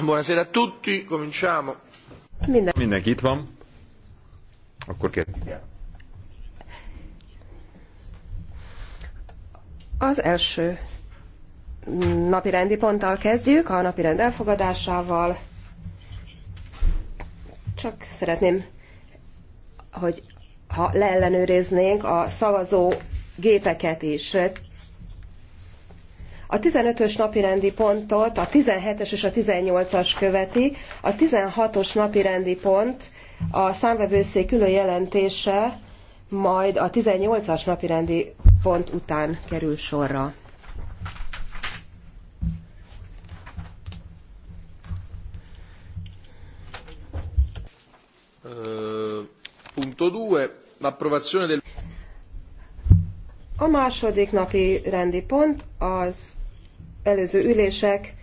Buonasera a tutti, cominciamo. Minden... Mindenki itt van. Akkor kezdjük Az első napi rendi ponttal kezdjük, a napi rend elfogadásával. Csak szeretném, hogy ha leellenőriznénk a szavazó gépeket is. A 15-ös napirendi pontot a 17-es és a 18-as követi, a 16-os napirendi pont a számvevőszék külön jelentése, majd a 18-as napirendi pont után kerül sorra. Uh, Punto 2. L'approvazione del... A második napi rendi pont az előző ülések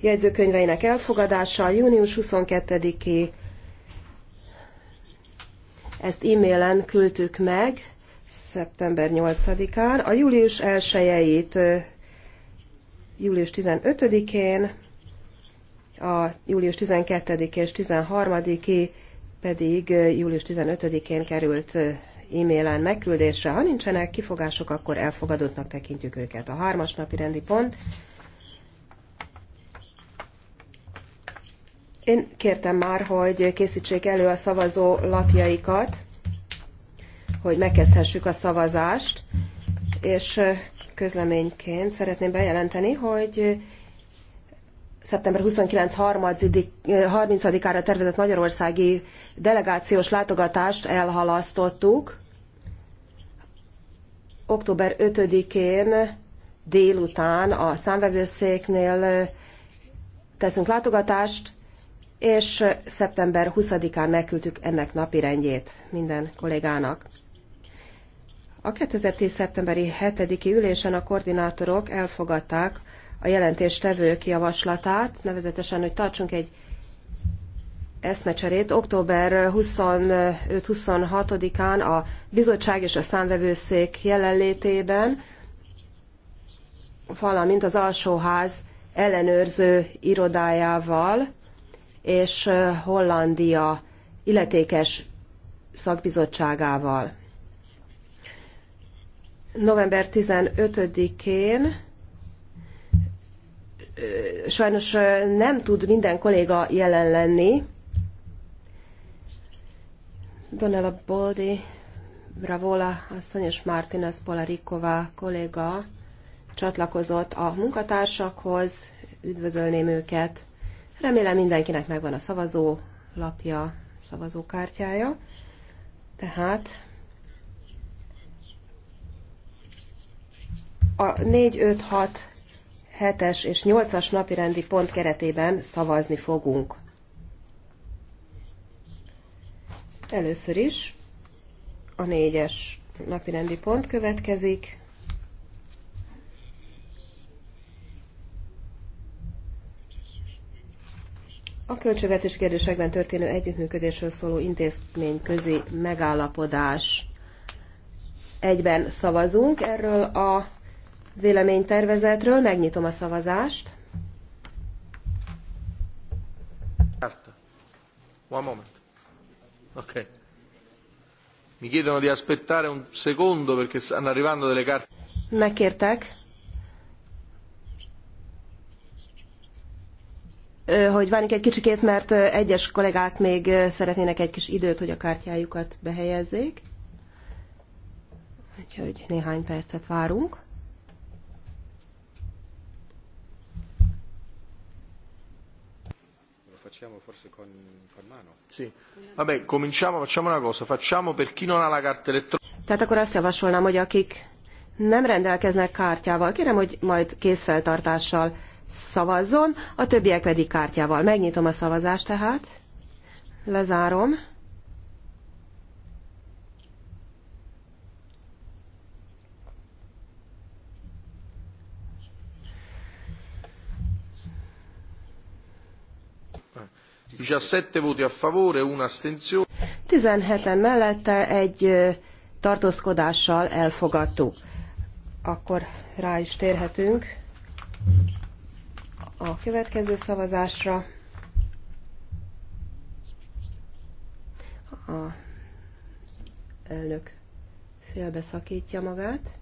jegyzőkönyveinek elfogadása június 22-i. Ezt e-mailen küldtük meg szeptember 8-án, a július 1-eit július 15-én, a július 12 és 13-i pedig július 15-én került e-mailen megküldésre. Ha nincsenek kifogások, akkor elfogadottnak tekintjük őket. A hármas napi rendi pont. Én kértem már, hogy készítsék elő a szavazó lapjaikat, hogy megkezdhessük a szavazást, és közleményként szeretném bejelenteni, hogy szeptember 29 30-ára eh, tervezett magyarországi delegációs látogatást elhalasztottuk. Október 5-én délután a számvevőszéknél eh, teszünk látogatást, és eh, szeptember 20-án megküldtük ennek napirendjét minden kollégának. A 2010. szeptemberi 7. ülésen a koordinátorok elfogadták a jelentéstevők javaslatát, nevezetesen, hogy tartsunk egy eszmecserét. Október 25-26-án a bizottság és a számvevőszék jelenlétében, valamint az alsóház ellenőrző irodájával és Hollandia illetékes szakbizottságával. November 15-én sajnos nem tud minden kolléga jelen lenni. Donella Boldi, Bravola asszony és Martinez Polarikova kolléga csatlakozott a munkatársakhoz, üdvözölném őket. Remélem mindenkinek megvan a szavazó lapja, szavazókártyája. Tehát a 4, 5, 6, 7-es és 8-as napirendi pont keretében szavazni fogunk. Először is a 4-es napirendi pont következik. A költségvetés kérdésekben történő együttműködésről szóló intézmény közi megállapodás. Egyben szavazunk erről a véleménytervezetről. Megnyitom a szavazást. One moment. Okay. Mi chiedono di aspettare un secondo perché stanno arrivando delle carte. Megkértek, hogy várjunk egy kicsikét, mert egyes kollégák még szeretnének egy kis időt, hogy a kártyájukat behelyezzék. Úgyhogy néhány percet várunk. facciamo forse con, con mano. Sì. Vabbè, cominciamo, facciamo una cosa, facciamo per chi non ha la carta elettronica. Tehát akkor azt javasolnám, hogy akik nem rendelkeznek kártyával, kérem, hogy majd készfeltartással szavazzon, a többiek pedig kártyával. Megnyitom a szavazást tehát, lezárom. 17 voti a favore, una 17 mellette egy tartózkodással elfogadtuk. Akkor rá is térhetünk a következő szavazásra. A elnök félbeszakítja magát.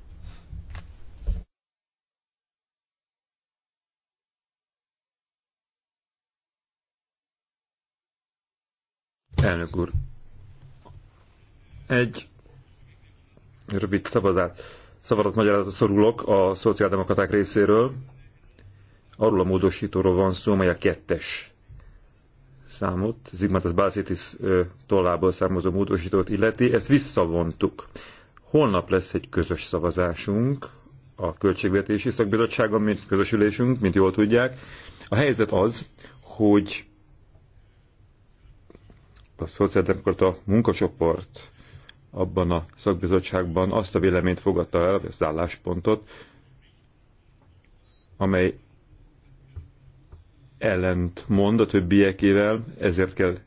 Elnök úr, egy rövid szavazát, szavazat magyarázat szorulok a szociáldemokraták részéről. Arról a módosítóról van szó, amely a kettes számot, Zigmatas Bászitis tollából származó módosítót illeti, ezt visszavontuk. Holnap lesz egy közös szavazásunk a Költségvetési Szakbizottságon, mint közös ülésünk, mint jól tudják. A helyzet az, hogy a Szociáldemokrata munkacsoport abban a szakbizottságban azt a véleményt fogadta el, az álláspontot, amely ellent mond a többiekével, ezért kell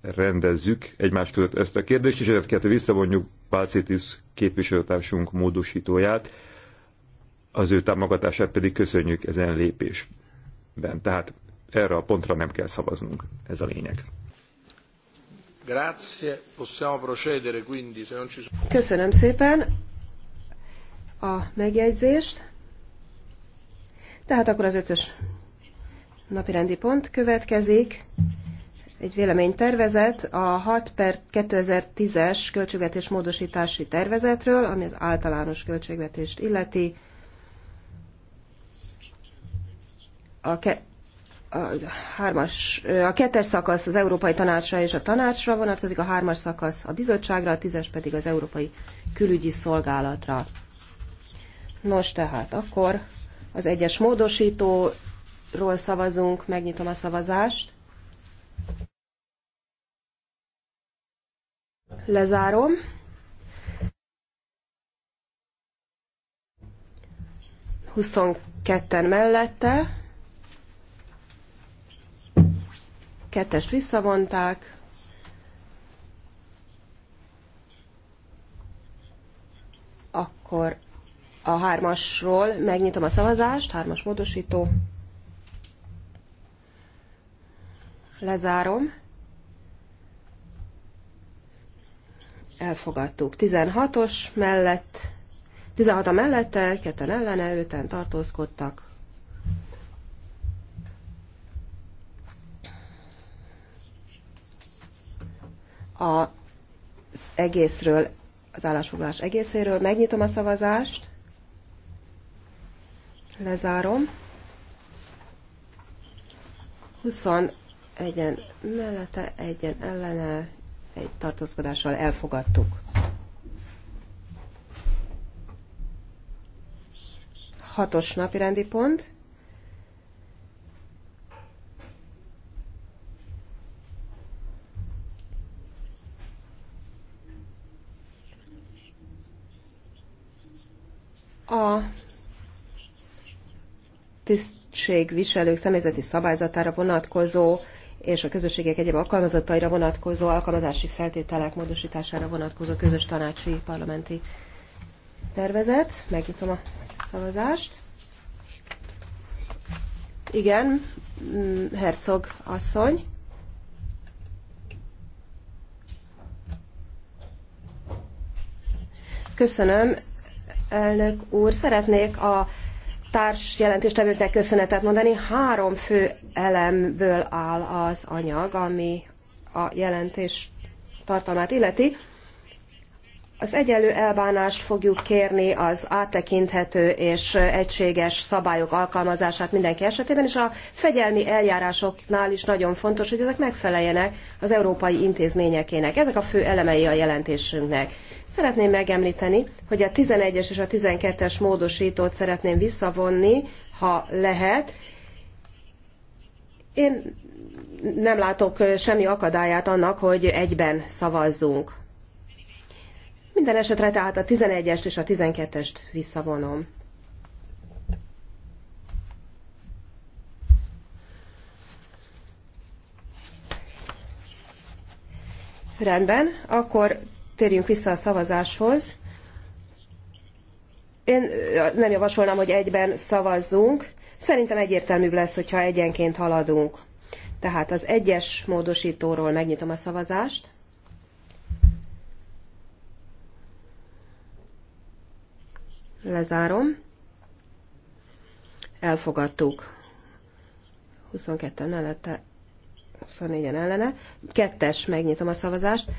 rendezzük egymás között ezt a kérdést, és ezért kell visszavonjuk Pálcétis képviselőtársunk módosítóját, az ő támogatását pedig köszönjük ezen lépésben. Tehát erre a pontra nem kell szavaznunk. Ez a lényeg. Köszönöm szépen a megjegyzést. Tehát akkor az ötös napirendi pont következik. Egy véleménytervezet a 6 per 2010-es költségvetés módosítási tervezetről, ami az általános költségvetést illeti. A a hármas, a kettes szakasz az Európai Tanácsra és a Tanácsra vonatkozik, a hármas szakasz a bizottságra, a tízes pedig az Európai Külügyi Szolgálatra. Nos, tehát akkor az egyes módosítóról szavazunk, megnyitom a szavazást. Lezárom. Huszonketten mellette, Kettest visszavonták. Akkor a hármasról megnyitom a szavazást, hármas módosító. Lezárom. Elfogadtuk. 16-os mellett, 16 a mellette, ketten ellene, öten tartózkodtak. az egészről, az állásfoglalás egészéről. Megnyitom a szavazást, lezárom. 21-en mellette, egyen ellene, egy tartózkodással elfogadtuk. Hatos napi rendi pont. A tisztségviselők személyzeti szabályzatára vonatkozó és a közösségek egyéb alkalmazottaira vonatkozó alkalmazási feltételek módosítására vonatkozó közös tanácsi parlamenti tervezet. Megnyitom a szavazást. Igen, mm, Herzog asszony. Köszönöm, elnök úr. Szeretnék a társ jelentéstevőknek köszönetet mondani. Három fő elemből áll az anyag, ami a jelentés tartalmát illeti. Az egyenlő elbánást fogjuk kérni az áttekinthető és egységes szabályok alkalmazását mindenki esetében, és a fegyelmi eljárásoknál is nagyon fontos, hogy ezek megfeleljenek az európai intézményekének. Ezek a fő elemei a jelentésünknek. Szeretném megemlíteni, hogy a 11-es és a 12-es módosítót szeretném visszavonni, ha lehet. Én nem látok semmi akadályát annak, hogy egyben szavazzunk. Minden esetre tehát a 11-est és a 12-est visszavonom. Rendben, akkor térjünk vissza a szavazáshoz. Én nem javasolnám, hogy egyben szavazzunk. Szerintem egyértelműbb lesz, hogyha egyenként haladunk. Tehát az egyes módosítóról megnyitom a szavazást. Lezárom. Elfogadtuk. 22-en ellete, 24-en ellene. Kettes, megnyitom a szavazást.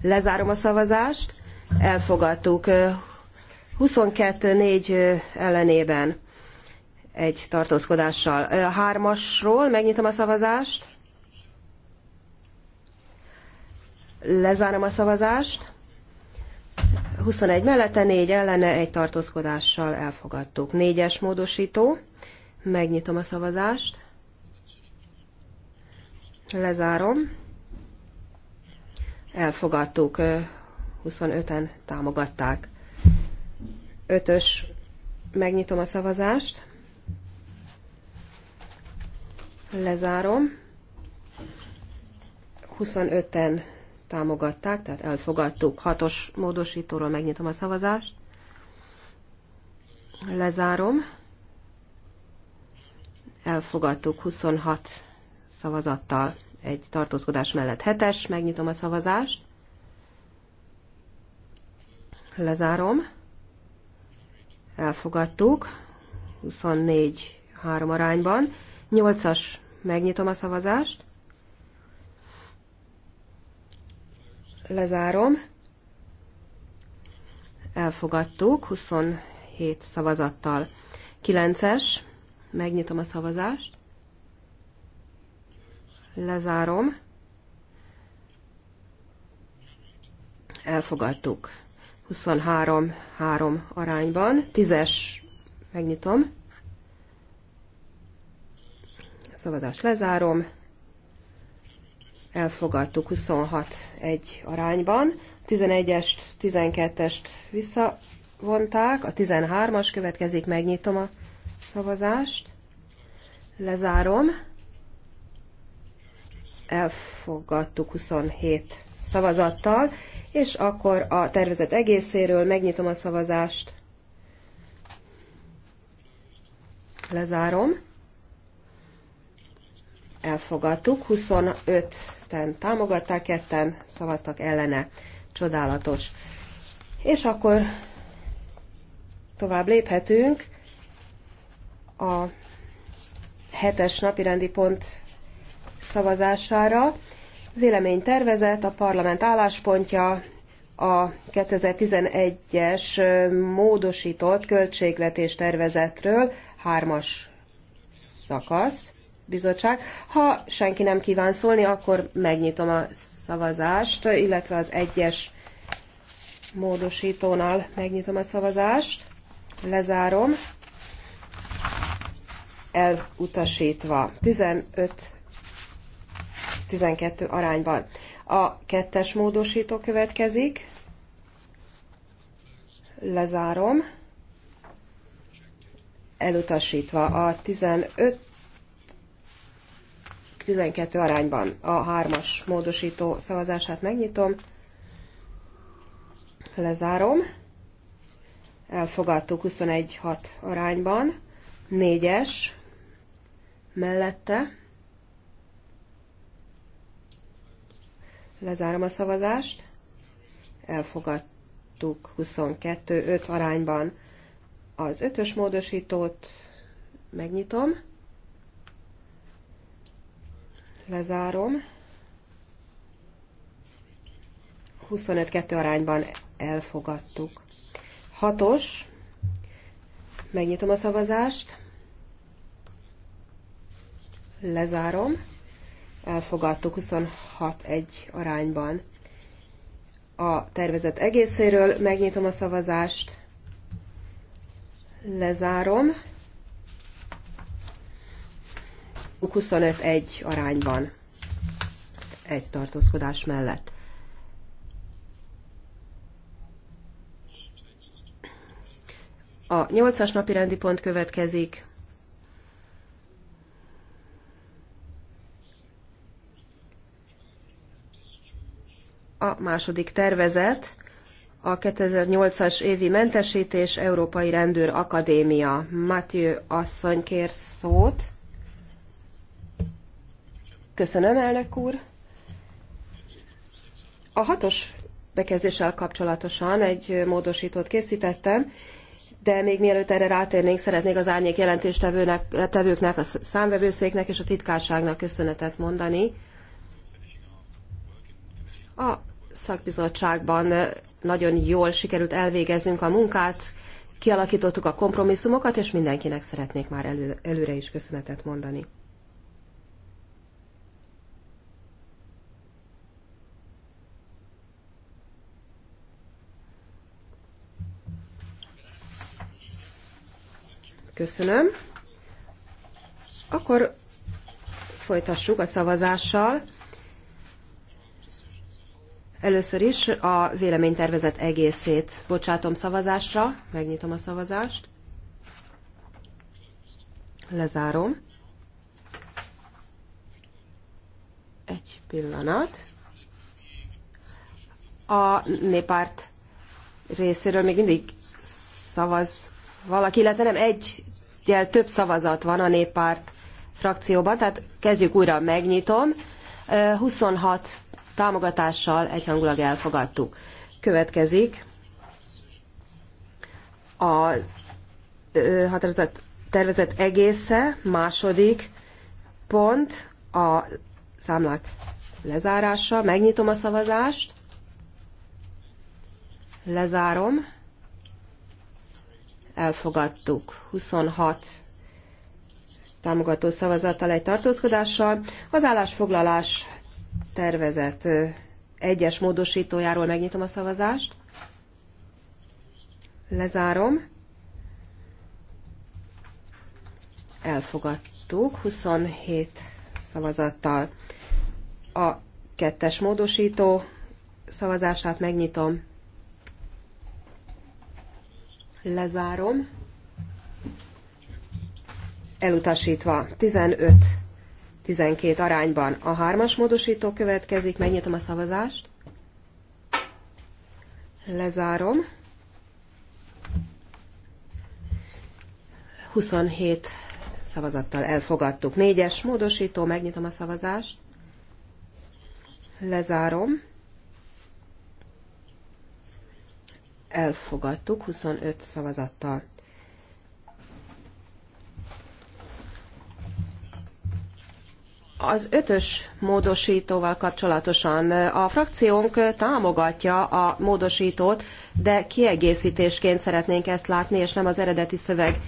Lezárom a szavazást. Elfogadtuk. 22-4 ellenében egy tartózkodással. Hármasról megnyitom a szavazást. Lezárom a szavazást. 21 mellette, 4 ellene, egy tartózkodással elfogadtuk. Négyes módosító. Megnyitom a szavazást. Lezárom. Elfogadtuk. 25-en támogatták. Ötös. Megnyitom a szavazást. Lezárom. 25-en támogatták, tehát elfogadtuk. Hatos módosítóról megnyitom a szavazást. Lezárom. Elfogadtuk 26 szavazattal egy tartózkodás mellett hetes, megnyitom a szavazást. Lezárom. Elfogadtuk. 24 3 arányban. 8-as, megnyitom a szavazást. Lezárom. Elfogadtuk 27 szavazattal. 9-es. Megnyitom a szavazást. Lezárom. Elfogadtuk. 23-3 arányban. 10-es. Megnyitom. A szavazást lezárom elfogadtuk 26 egy arányban. 11-est, 12-est visszavonták, a 13-as következik, megnyitom a szavazást, lezárom, elfogadtuk 27 szavazattal, és akkor a tervezet egészéről megnyitom a szavazást, lezárom, elfogadtuk, 25 ketten támogatták, ketten szavaztak ellene. Csodálatos. És akkor tovább léphetünk a hetes napirendi pont szavazására. Véleménytervezet, a parlament álláspontja, a 2011-es módosított költségvetés tervezetről hármas szakasz bizottság. Ha senki nem kíván szólni, akkor megnyitom a szavazást, illetve az egyes módosítónál megnyitom a szavazást, lezárom, elutasítva 15-12 arányban. A kettes módosító következik, lezárom, elutasítva a 15 12 arányban a hármas módosító szavazását megnyitom. Lezárom. Elfogadtuk 21-6 arányban. Négyes mellette. Lezárom a szavazást. Elfogadtuk 22-5 arányban az ötös módosítót. Megnyitom. Lezárom. 25-2 arányban elfogadtuk. 6-os. Megnyitom a szavazást. Lezárom. Elfogadtuk 26-1 arányban. A tervezet egészéről megnyitom a szavazást. Lezárom. 25-1 arányban egy tartózkodás mellett. A nyolcas napi rendi pont következik. A második tervezet a 2008-as évi mentesítés Európai Rendőr Akadémia. Mathieu asszony kér szót. Köszönöm, elnök úr. A hatos bekezdéssel kapcsolatosan egy módosítót készítettem, de még mielőtt erre rátérnénk, szeretnék az árnyék jelentéstevőknek, tevőknek, a számvevőszéknek és a titkárságnak köszönetet mondani. A szakbizottságban nagyon jól sikerült elvégeznünk a munkát, kialakítottuk a kompromisszumokat, és mindenkinek szeretnék már elő, előre is köszönetet mondani. Köszönöm. Akkor folytassuk a szavazással. Először is a véleménytervezet egészét bocsátom szavazásra, megnyitom a szavazást, lezárom. Egy pillanat. A néppárt részéről még mindig szavaz valaki, illetve nem egyel több szavazat van a néppárt frakcióban, tehát kezdjük újra, megnyitom. 26 támogatással egyhangulag elfogadtuk. Következik a határozat tervezet egésze, második pont, a számlák lezárása. Megnyitom a szavazást. Lezárom elfogadtuk 26 támogató szavazattal egy tartózkodással. Az állásfoglalás tervezett egyes módosítójáról megnyitom a szavazást. Lezárom. Elfogadtuk 27 szavazattal. A kettes módosító szavazását megnyitom lezárom. Elutasítva 15-12 arányban a hármas módosító következik, megnyitom a szavazást. Lezárom. 27 szavazattal elfogadtuk. Négyes módosító, megnyitom a szavazást. Lezárom. elfogadtuk 25 szavazattal. Az ötös módosítóval kapcsolatosan a frakciónk támogatja a módosítót, de kiegészítésként szeretnénk ezt látni, és nem az eredeti szöveg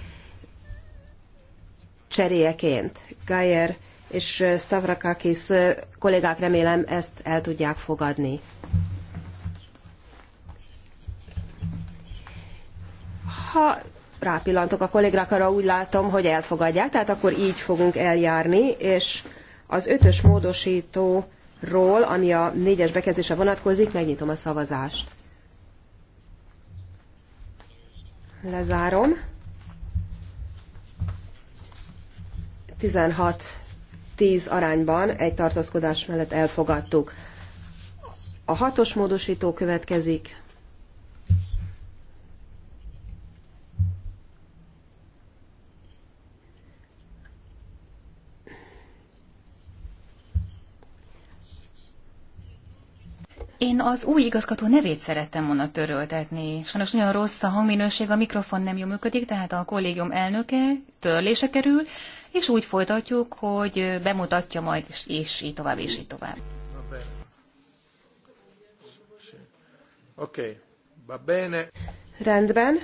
cseréjeként. Gayer és Stavrakakis kollégák remélem ezt el tudják fogadni. Ha rápillantok a kollégákra, úgy látom, hogy elfogadják, tehát akkor így fogunk eljárni, és az ötös módosítóról, ami a négyes bekezdése vonatkozik, megnyitom a szavazást. Lezárom. 16-10 arányban egy tartózkodás mellett elfogadtuk. A hatos módosító következik. Én az új igazgató nevét szerettem volna töröltetni. Sajnos nagyon rossz a hangminőség, a mikrofon nem jól működik, tehát a kollégium elnöke törlése kerül, és úgy folytatjuk, hogy bemutatja majd, és, és így tovább, és így tovább. Oké, bene. Rendben.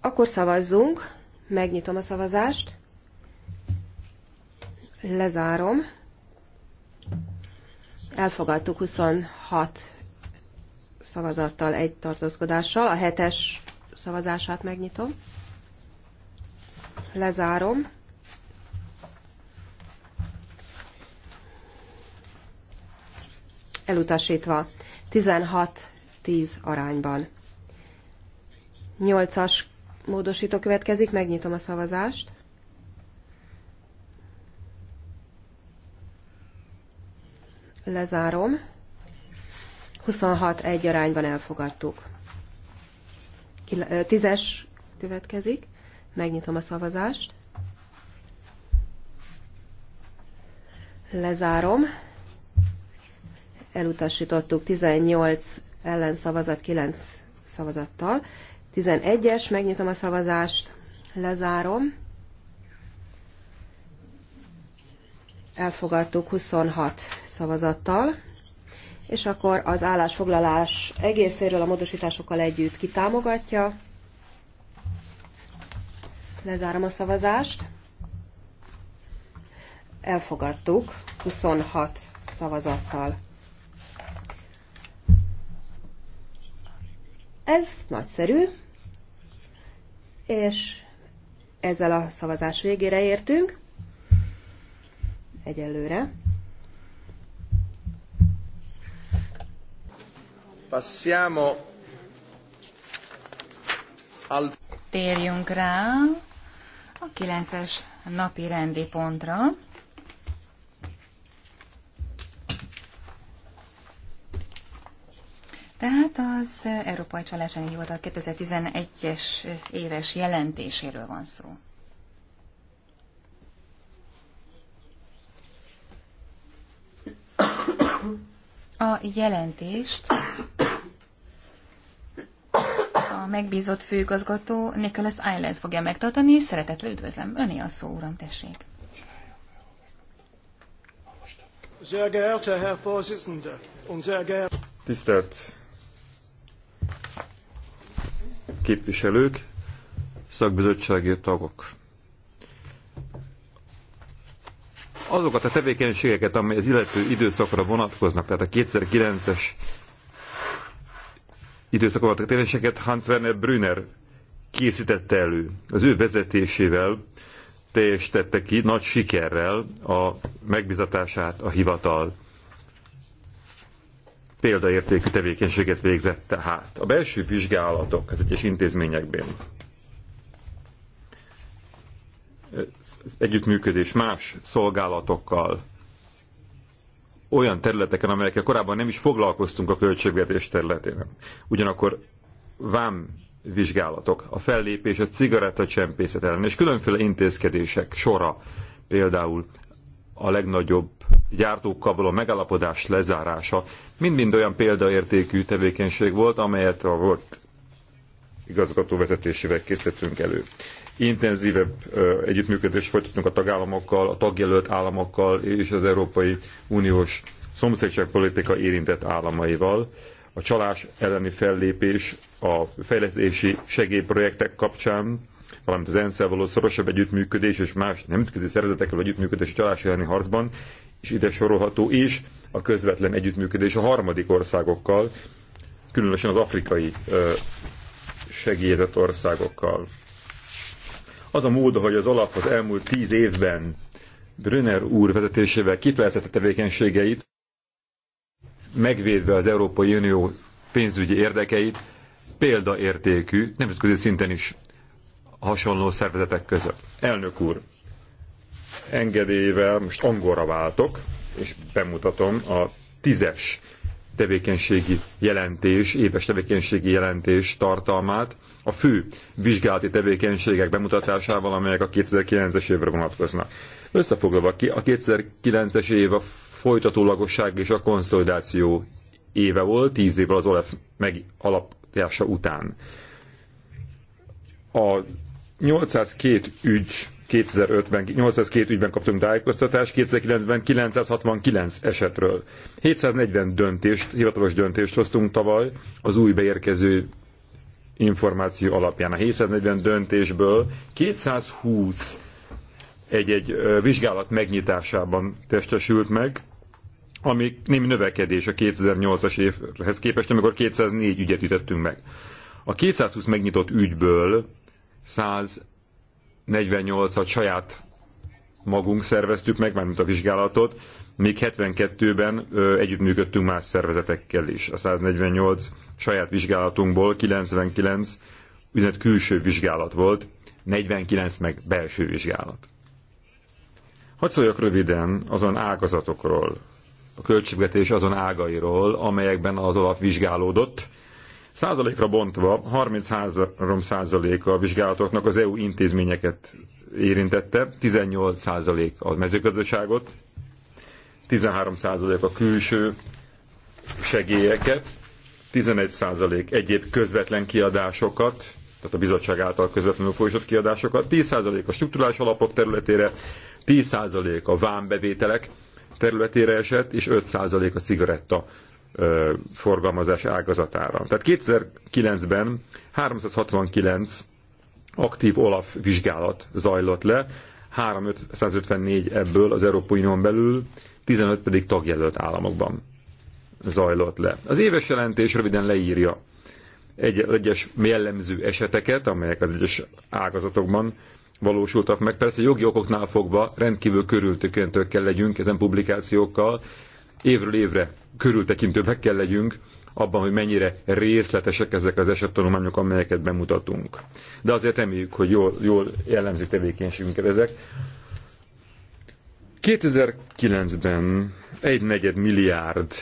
Akkor szavazzunk. Megnyitom a szavazást. Lezárom. Elfogadtuk 26 szavazattal, egy tartózkodással. A hetes szavazását megnyitom. Lezárom. Elutasítva 16-10 arányban. 8-as módosító következik, megnyitom a szavazást. Lezárom. 26 egy arányban elfogadtuk. Tízes következik. Megnyitom a szavazást. Lezárom. Elutasítottuk 18 ellenszavazat 9 szavazattal. 11-es, megnyitom a szavazást, lezárom. elfogadtuk 26 szavazattal, és akkor az állásfoglalás egészéről a módosításokkal együtt kitámogatja. Lezárom a szavazást. Elfogadtuk 26 szavazattal. Ez nagyszerű, és ezzel a szavazás végére értünk egyelőre. Passiamo al... Térjünk rá a 9-es napi rendi pontra. Tehát az Európai Csalásányi Hivatal 2011-es éves jelentéséről van szó. a jelentést a megbízott főigazgató Nicholas Island fogja megtartani, és szeretettel üdvözlöm. Öné a szó, uram, tessék. Tisztelt képviselők, szakbizottsági tagok! azokat a tevékenységeket, amely az illető időszakra vonatkoznak, tehát a 2009-es időszakra a tevékenységeket Hans Werner Brüner készítette elő. Az ő vezetésével teljesítette ki nagy sikerrel a megbizatását a hivatal. Példaértékű tevékenységet végzett tehát. A belső vizsgálatok az egyes intézményekben együttműködés más szolgálatokkal, olyan területeken, amelyekkel korábban nem is foglalkoztunk a költségvetés területén. Ugyanakkor vám vizsgálatok, a fellépés a cigarettacsempészet ellen, és különféle intézkedések sora, például a legnagyobb gyártókkal való megállapodás lezárása, mind-mind olyan példaértékű tevékenység volt, amelyet a volt igazgató vezetésével készítettünk elő intenzívebb együttműködést folytatunk a tagállamokkal, a tagjelölt államokkal és az Európai Uniós szomszédságpolitika érintett államaival. A csalás elleni fellépés a fejlesztési segélyprojektek kapcsán, valamint az ENSZ-el való szorosabb együttműködés és más nemzetközi szervezetekkel együttműködés a csalás elleni harcban, és ide sorolható is a közvetlen együttműködés a harmadik országokkal, különösen az afrikai segélyezett országokkal. Az a mód, hogy az alap az elmúlt tíz évben Brünner úr vezetésével kifejezett a tevékenységeit, megvédve az Európai Unió pénzügyi érdekeit, példaértékű, nemzetközi szinten is hasonló szervezetek között. Elnök úr, engedélyével most angolra váltok, és bemutatom a tízes tevékenységi jelentés, éves tevékenységi jelentés tartalmát, a fő vizsgálati tevékenységek bemutatásával, amelyek a 2009-es évre vonatkoznak. Összefoglalva, a 2009-es év a folytatólagosság és a konszolidáció éve volt, tíz évvel az OLEF megalapjása után. A 802 ügy 2005-ben, 802 ügyben kaptunk tájékoztatást, 2009-ben 969 esetről. 740 döntést, hivatalos döntést hoztunk tavaly az új beérkező információ alapján. A 740 döntésből 220 egy-egy vizsgálat megnyitásában testesült meg, ami némi növekedés a 2008-as évhez képest, amikor 204 ügyet ütettünk meg. A 220 megnyitott ügyből 148-at saját magunk szerveztük meg, mármint a vizsgálatot, még 72-ben együttműködtünk más szervezetekkel is. A 148 saját vizsgálatunkból 99 üzenet külső vizsgálat volt, 49 meg belső vizsgálat. Hadd szóljak röviden azon ágazatokról, a költségvetés azon ágairól, amelyekben az alap vizsgálódott. Százalékra bontva 33 százalék a vizsgálatoknak az EU intézményeket érintette, 18 százalék a mezőgazdaságot, 13% a külső segélyeket, 11% egyéb közvetlen kiadásokat, tehát a bizottság által közvetlenül folyosott kiadásokat, 10% a strukturális alapok területére, 10% a vámbevételek területére esett, és 5% a cigaretta ö, forgalmazás ágazatára. Tehát 2009-ben 369 aktív OLAF vizsgálat zajlott le, 354 ebből az Európai Unión belül, 15 pedig tagjelölt államokban zajlott le. Az éves jelentés röviden leírja egy, egyes jellemző eseteket, amelyek az egyes ágazatokban valósultak meg. Persze jogi okoknál fogva rendkívül körültekintők kell legyünk ezen publikációkkal, évről évre körültekintőbbek kell legyünk abban, hogy mennyire részletesek ezek az esettanulmányok, amelyeket bemutatunk. De azért reméljük, hogy jól, jól jellemzik tevékenységünket ezek. 2009-ben egy negyed milliárd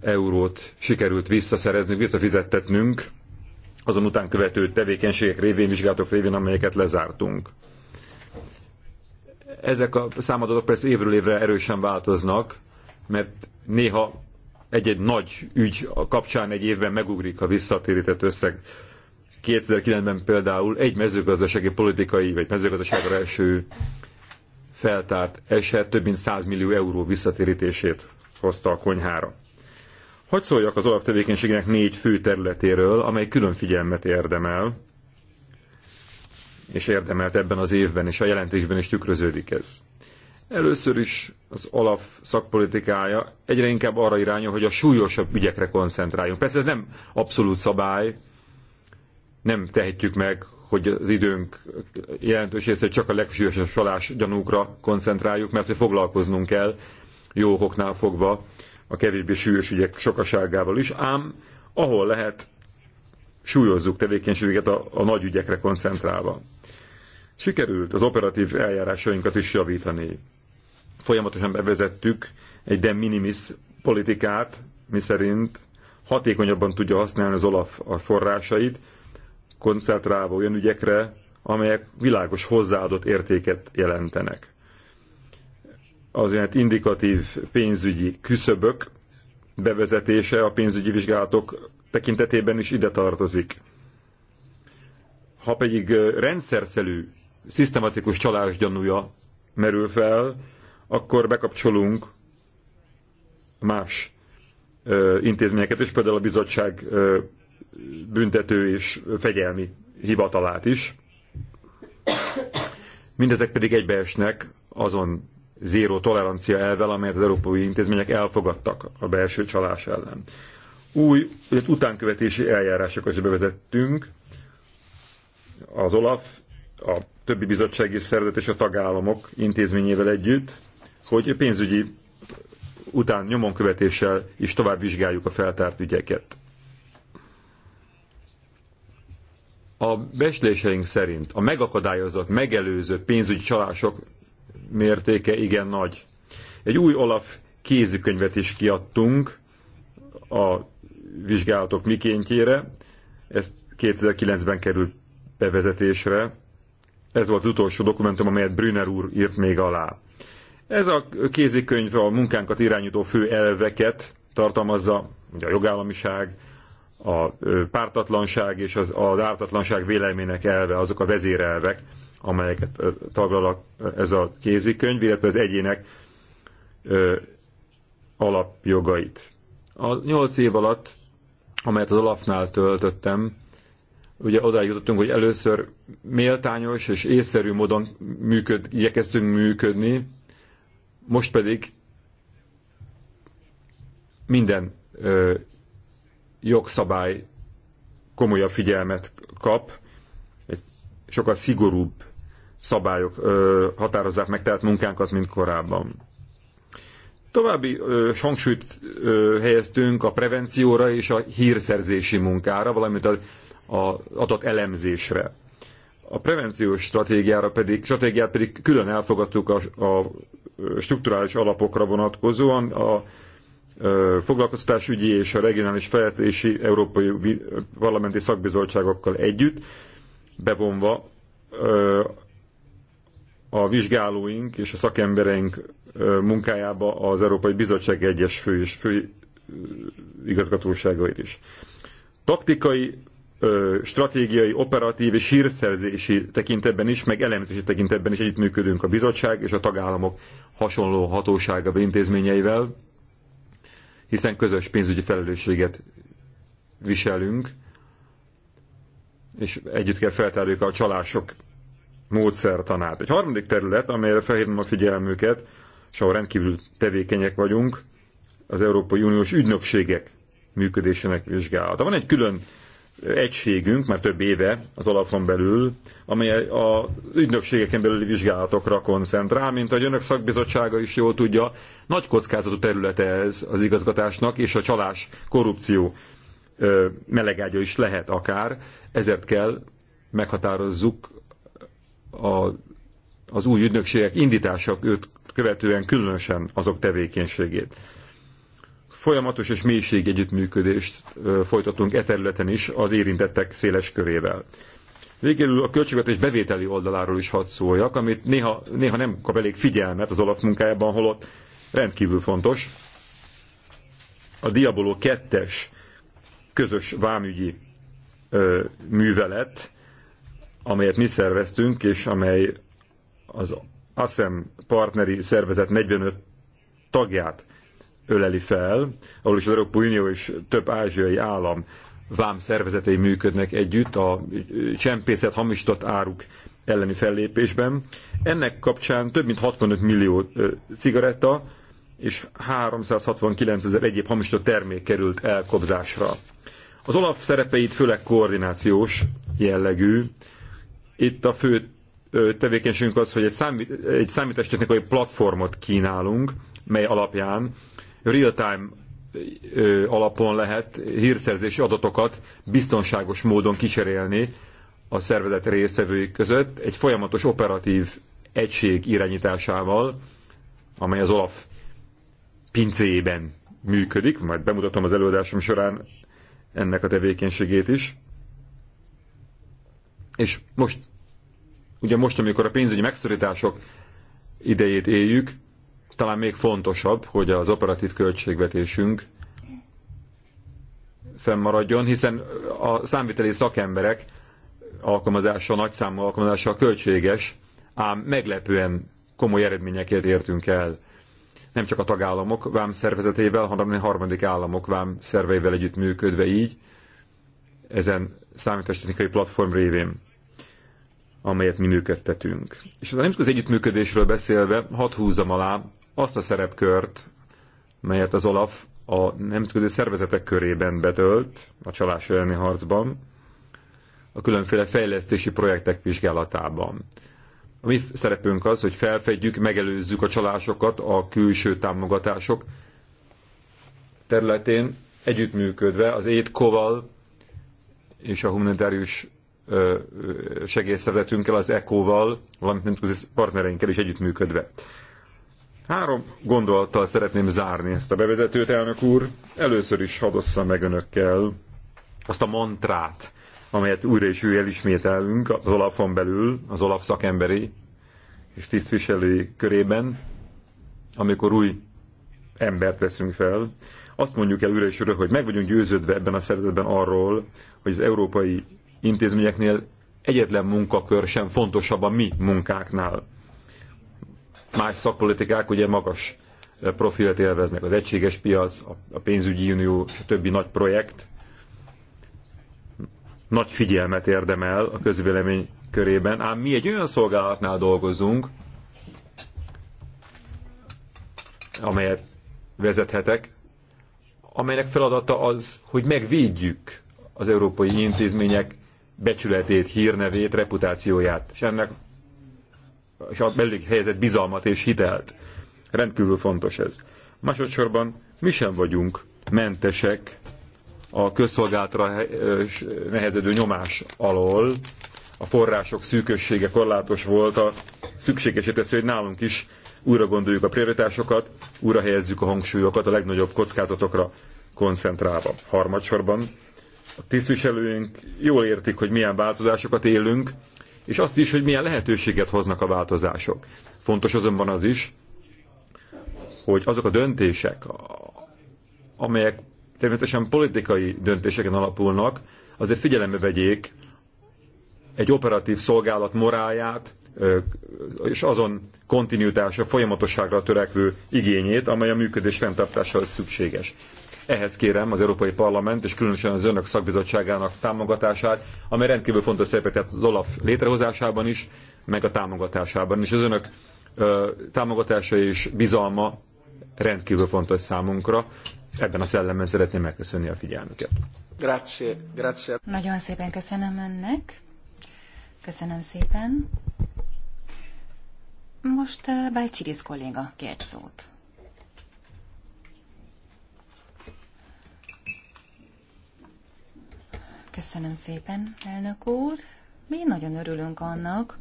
eurót sikerült visszaszereznünk, visszafizettetnünk azon után követő tevékenységek révén, vizsgálatok révén, amelyeket lezártunk. Ezek a számadatok persze évről évre erősen változnak, mert néha egy-egy nagy ügy kapcsán egy évben megugrik a visszatérített összeg. 2009-ben például egy mezőgazdasági politikai, vagy mezőgazdaságra eső feltárt eset több mint 100 millió euró visszatérítését hozta a konyhára. Hogy szóljak az Olaf tevékenységének négy fő területéről, amely külön figyelmet érdemel, és érdemelt ebben az évben, és a jelentésben is tükröződik ez. Először is az Olaf szakpolitikája egyre inkább arra irányul, hogy a súlyosabb ügyekre koncentráljunk. Persze ez nem abszolút szabály, nem tehetjük meg, hogy az időnk jelentős része csak a legsúlyosabb salás gyanúkra koncentráljuk, mert hogy foglalkoznunk kell jó okoknál fogva a kevésbé súlyos ügyek sokaságával is, ám ahol lehet súlyozzuk tevékenységüket a, a nagy ügyekre koncentrálva. Sikerült az operatív eljárásainkat is javítani. Folyamatosan bevezettük egy de minimis politikát, miszerint hatékonyabban tudja használni az Olaf a forrásait, koncentrálva olyan ügyekre, amelyek világos hozzáadott értéket jelentenek. Az ilyen indikatív pénzügyi küszöbök bevezetése a pénzügyi vizsgálatok tekintetében is ide tartozik. Ha pedig rendszerszerű, szisztematikus csalás gyanúja merül fel, akkor bekapcsolunk más intézményeket, és például a bizottság büntető és fegyelmi hivatalát is. Mindezek pedig egybeesnek azon zéró tolerancia elvel, amelyet az európai intézmények elfogadtak a belső csalás ellen. Új utánkövetési eljárásokat is bevezettünk, az OLAF, a többi bizottsági szervezet és a tagállamok intézményével együtt, hogy pénzügyi után nyomonkövetéssel is tovább vizsgáljuk a feltárt ügyeket. A besléseink szerint a megakadályozott, megelőző pénzügyi csalások mértéke igen nagy. Egy új Olaf kézikönyvet is kiadtunk a vizsgálatok mikéntjére. Ezt 2009-ben került bevezetésre. Ez volt az utolsó dokumentum, amelyet Brüner úr írt még alá. Ez a kézikönyv a munkánkat irányító fő elveket tartalmazza, ugye a jogállamiság, a pártatlanság és az, az ártatlanság véleménynek elve, azok a vezérelvek, amelyeket taglal ez a kézikönyv, illetve az egyének ö, alapjogait. A nyolc év alatt, amelyet az alapnál töltöttem, ugye odáig jutottunk, hogy először méltányos és észszerű módon működ, igyekeztünk működni, most pedig minden ö, jogszabály komolyabb figyelmet kap, egy sokkal szigorúbb szabályok ö, határozzák meg tehát munkánkat, mint korábban. További hangsúlyt helyeztünk a prevencióra és a hírszerzési munkára, valamint az adat elemzésre. A prevenciós stratégiára pedig, stratégiát pedig külön elfogadtuk a, a strukturális alapokra vonatkozóan, a foglalkoztatásügyi és a regionális fejletési európai parlamenti szakbizottságokkal együtt, bevonva a vizsgálóink és a szakembereink munkájába az Európai Bizottság egyes fő és fő igazgatóságait is. Taktikai, stratégiai, operatív és hírszerzési tekintetben is, meg elemzési tekintetben is együttműködünk a bizottság és a tagállamok hasonló hatósága intézményeivel, hiszen közös pénzügyi felelősséget viselünk, és együtt kell feltárjuk a csalások módszertanát. Egy harmadik terület, amelyre felhívom a figyelmüket, és ahol rendkívül tevékenyek vagyunk, az Európai Uniós ügynökségek működésének vizsgálata. Van egy külön egységünk, már több éve az alapon belül, amely a ügynökségeken belüli vizsgálatokra koncentrál, mint a önök szakbizottsága is jól tudja, nagy kockázatú területe ez az igazgatásnak, és a csalás, korrupció melegágya is lehet akár, ezért kell meghatározzuk a, az új ügynökségek indítások őt követően különösen azok tevékenységét folyamatos és mélység együttműködést folytatunk e területen is az érintettek széles körével. Végül a költségvetés bevételi oldaláról is hadd szóljak, amit néha, néha nem kap elég figyelmet az Olaf munkájában, holott rendkívül fontos. A Diabolo 2-es közös vámügyi ö, művelet, amelyet mi szerveztünk, és amely az ASEM partneri szervezet 45 tagját öleli fel, ahol is az Európai Unió és több ázsiai állam vám szervezetei működnek együtt a csempészet hamisított áruk elleni fellépésben. Ennek kapcsán több mint 65 millió cigaretta és 369 ezer egyéb hamisított termék került elkobzásra. Az Olaf szerepeit főleg koordinációs jellegű. Itt a fő tevékenységünk az, hogy egy, számít, egy számítástechnikai platformot kínálunk, mely alapján real-time alapon lehet hírszerzési adatokat biztonságos módon kicserélni a szervezet részvevői között egy folyamatos operatív egység irányításával, amely az Olaf pincéjében működik, majd bemutatom az előadásom során ennek a tevékenységét is. És most, ugye most, amikor a pénzügyi megszorítások idejét éljük, talán még fontosabb, hogy az operatív költségvetésünk fennmaradjon, hiszen a számviteli szakemberek alkalmazása, számú alkalmazása költséges, ám meglepően komoly eredményeket értünk el. Nem csak a tagállamok vám szervezetével, hanem a harmadik államok vám szerveivel működve így, ezen számítástechnikai platform révén amelyet mi működtetünk. És az a nemzetközi együttműködésről beszélve, hadd húzzam alá azt a szerepkört, melyet az Olaf a nemzetközi szervezetek körében betölt a csalás elleni harcban, a különféle fejlesztési projektek vizsgálatában. A mi szerepünk az, hogy felfedjük, megelőzzük a csalásokat a külső támogatások területén, együttműködve az étkoval és a humanitárius segélyszervezetünkkel, az ECO-val, valamint nemzetközi partnereinkkel is együttműködve. Három gondolattal szeretném zárni ezt a bevezetőt, elnök úr. Először is hadosszam meg önökkel azt a mantrát, amelyet újra és újra elismételünk az Olafon belül, az Olaf szakemberi és tisztviselői körében, amikor új embert veszünk fel, azt mondjuk el újra és újra, hogy meg vagyunk győződve ebben a szervezetben arról, hogy az európai intézményeknél egyetlen munkakör sem fontosabb a mi munkáknál. Más szakpolitikák ugye magas eh, profilt élveznek, az egységes piac, a pénzügyi unió és a többi nagy projekt nagy figyelmet érdemel a közvélemény körében, ám mi egy olyan szolgálatnál dolgozunk, amelyet vezethetek, amelynek feladata az, hogy megvédjük az európai intézmények becsületét, hírnevét, reputációját, és ennek és a belül helyezett bizalmat és hitelt. Rendkívül fontos ez. Másodszorban mi sem vagyunk mentesek a közszolgáltra nehezedő nyomás alól. A források szűkössége korlátos volt, a szükségesé teszi, hogy nálunk is újra gondoljuk a prioritásokat, újra helyezzük a hangsúlyokat a legnagyobb kockázatokra koncentrálva. Harmadsorban a tisztviselőink jól értik, hogy milyen változásokat élünk, és azt is, hogy milyen lehetőséget hoznak a változások. Fontos azonban az is, hogy azok a döntések, amelyek természetesen politikai döntéseken alapulnak, azért figyelembe vegyék egy operatív szolgálat morálját, és azon kontinuitásra, folyamatosságra törekvő igényét, amely a működés fenntartásához szükséges. Ehhez kérem az Európai Parlament és különösen az Önök szakbizottságának támogatását, amely rendkívül fontos szerepet játszott az OLAF létrehozásában is, meg a támogatásában is. Az Önök ö, támogatása és bizalma rendkívül fontos számunkra. Ebben a szellemben szeretném megköszönni a figyelmüket. Grazie, grazie. Nagyon szépen köszönöm önnek. Köszönöm szépen. Most Bájcsiris kolléga kért szót. Köszönöm szépen, elnök úr. Mi nagyon örülünk annak,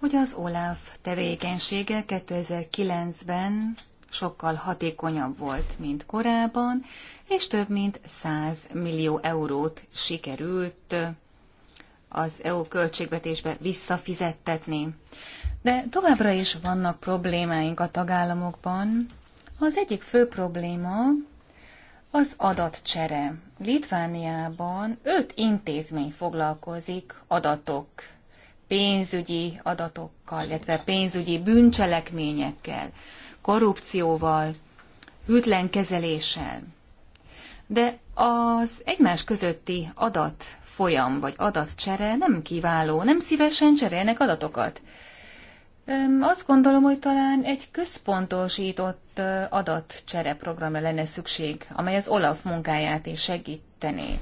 hogy az OLAF tevékenysége 2009-ben sokkal hatékonyabb volt, mint korábban, és több mint 100 millió eurót sikerült az EU költségvetésbe visszafizettetni. De továbbra is vannak problémáink a tagállamokban. Az egyik fő probléma az adatcsere. Litvániában öt intézmény foglalkozik adatok, pénzügyi adatokkal, illetve pénzügyi bűncselekményekkel, korrupcióval, hűtlen kezeléssel. De az egymás közötti adatfolyam vagy adatcsere nem kiváló, nem szívesen cserélnek adatokat. Azt gondolom, hogy talán egy központosított adatcsereprogramra lenne szükség, amely az OLAF munkáját is segítené.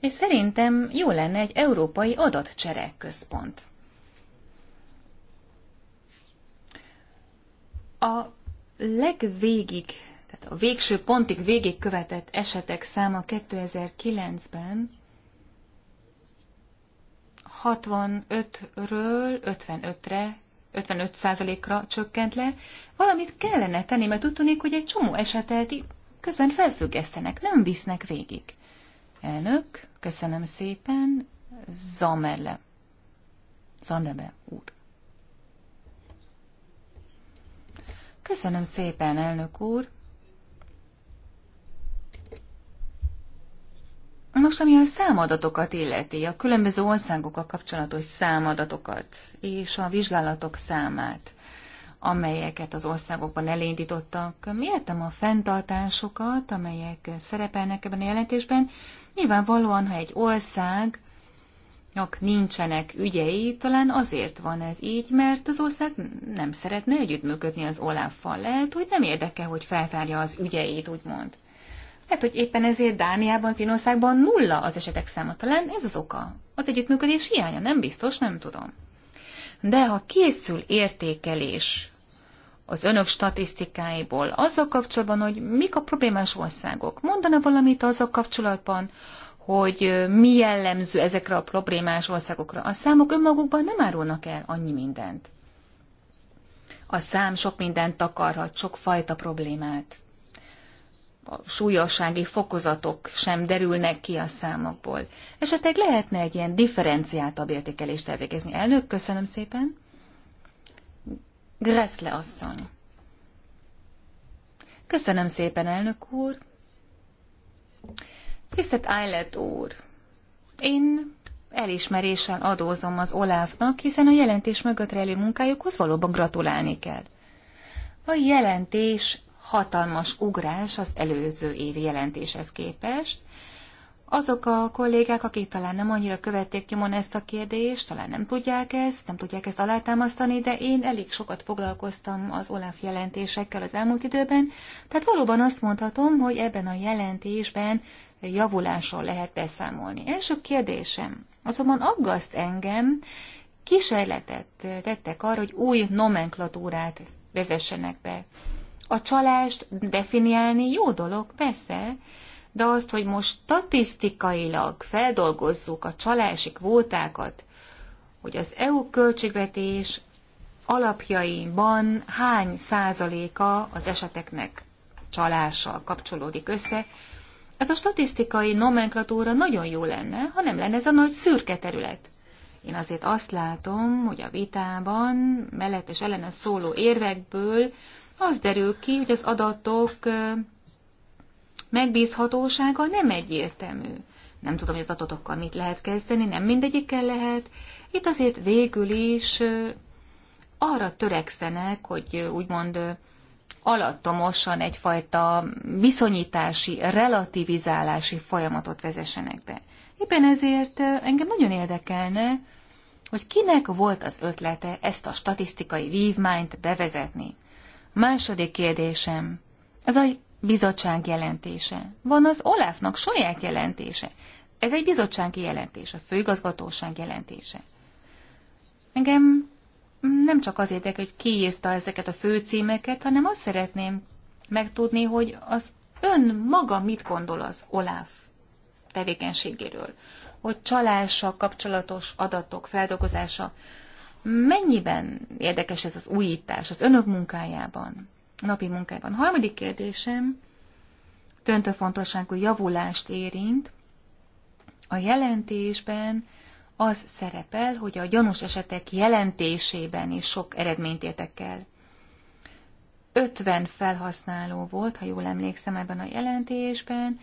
És szerintem jó lenne egy európai adatcsere központ. A legvégig, tehát a végső pontig végig követett esetek száma 2009-ben 65-ről 55-re 55%-ra csökkent le, valamit kellene tenni, mert úgy tűnik, hogy egy csomó esetet közben felfüggesztenek, nem visznek végig. Elnök, köszönöm szépen, Zamerle. Zandebe úr. Köszönöm szépen, elnök úr. Nos, ami a számadatokat illeti, a különböző országokkal kapcsolatos számadatokat és a vizsgálatok számát, amelyeket az országokban elindítottak, mértem a fenntartásokat, amelyek szerepelnek ebben a jelentésben. Nyilvánvalóan, ha egy ország nincsenek ügyei, talán azért van ez így, mert az ország nem szeretne együttműködni az Olaf-fal. Lehet, hogy nem érdeke, hogy feltárja az ügyeit, úgymond. Lehet, hogy éppen ezért Dániában, Finországban nulla az esetek száma. Talán ez az oka. Az együttműködés hiánya, nem biztos, nem tudom. De ha készül értékelés az önök statisztikáiból, azzal kapcsolatban, hogy mik a problémás országok, mondana valamit azzal kapcsolatban, hogy mi jellemző ezekre a problémás országokra. A számok önmagukban nem árulnak el annyi mindent. A szám sok mindent takarhat, sok fajta problémát a súlyossági fokozatok sem derülnek ki a számokból. Esetleg lehetne egy ilyen differenciáltabb értékelést elvégezni. Elnök, köszönöm szépen. Greszle asszony. Köszönöm szépen, elnök úr. Tisztelt Eilert úr, én elismeréssel adózom az Olávnak, hiszen a jelentés mögött rejlő munkájukhoz valóban gratulálni kell. A jelentés hatalmas ugrás az előző évi jelentéshez képest. Azok a kollégák, akik talán nem annyira követték nyomon ezt a kérdést, talán nem tudják ezt, nem tudják ezt alátámasztani, de én elég sokat foglalkoztam az Olaf jelentésekkel az elmúlt időben, tehát valóban azt mondhatom, hogy ebben a jelentésben javulásról lehet beszámolni. Első kérdésem, azonban aggaszt engem, kísérletet tettek arra, hogy új nomenklatúrát vezessenek be a csalást definiálni jó dolog, persze, de azt, hogy most statisztikailag feldolgozzuk a csalási kvótákat, hogy az EU költségvetés alapjaiban hány százaléka az eseteknek csalással kapcsolódik össze, ez a statisztikai nomenklatúra nagyon jó lenne, ha nem lenne ez a nagy szürke terület. Én azért azt látom, hogy a vitában, mellett és ellene szóló érvekből az derül ki, hogy az adatok megbízhatósága nem egyértelmű. Nem tudom, hogy az adatokkal mit lehet kezdeni, nem mindegyikkel lehet. Itt azért végül is arra törekszenek, hogy úgymond alattomosan egyfajta viszonyítási, relativizálási folyamatot vezessenek be. Éppen ezért engem nagyon érdekelne, hogy kinek volt az ötlete ezt a statisztikai vívmányt bevezetni. Második kérdésem, az a bizottság jelentése. Van az Olafnak saját jelentése. Ez egy bizottsági jelentés, a főigazgatóság jelentése. Engem nem csak az érdekel, hogy ki írta ezeket a főcímeket, hanem azt szeretném megtudni, hogy az ön maga mit gondol az Olaf tevékenységéről, hogy csalással kapcsolatos adatok feldolgozása, Mennyiben érdekes ez az újítás az önök munkájában, napi munkájában? Harmadik kérdésem, töntő fontosságú javulást érint. A jelentésben az szerepel, hogy a gyanús esetek jelentésében is sok eredményt értek el. 50 felhasználó volt, ha jól emlékszem ebben a jelentésben,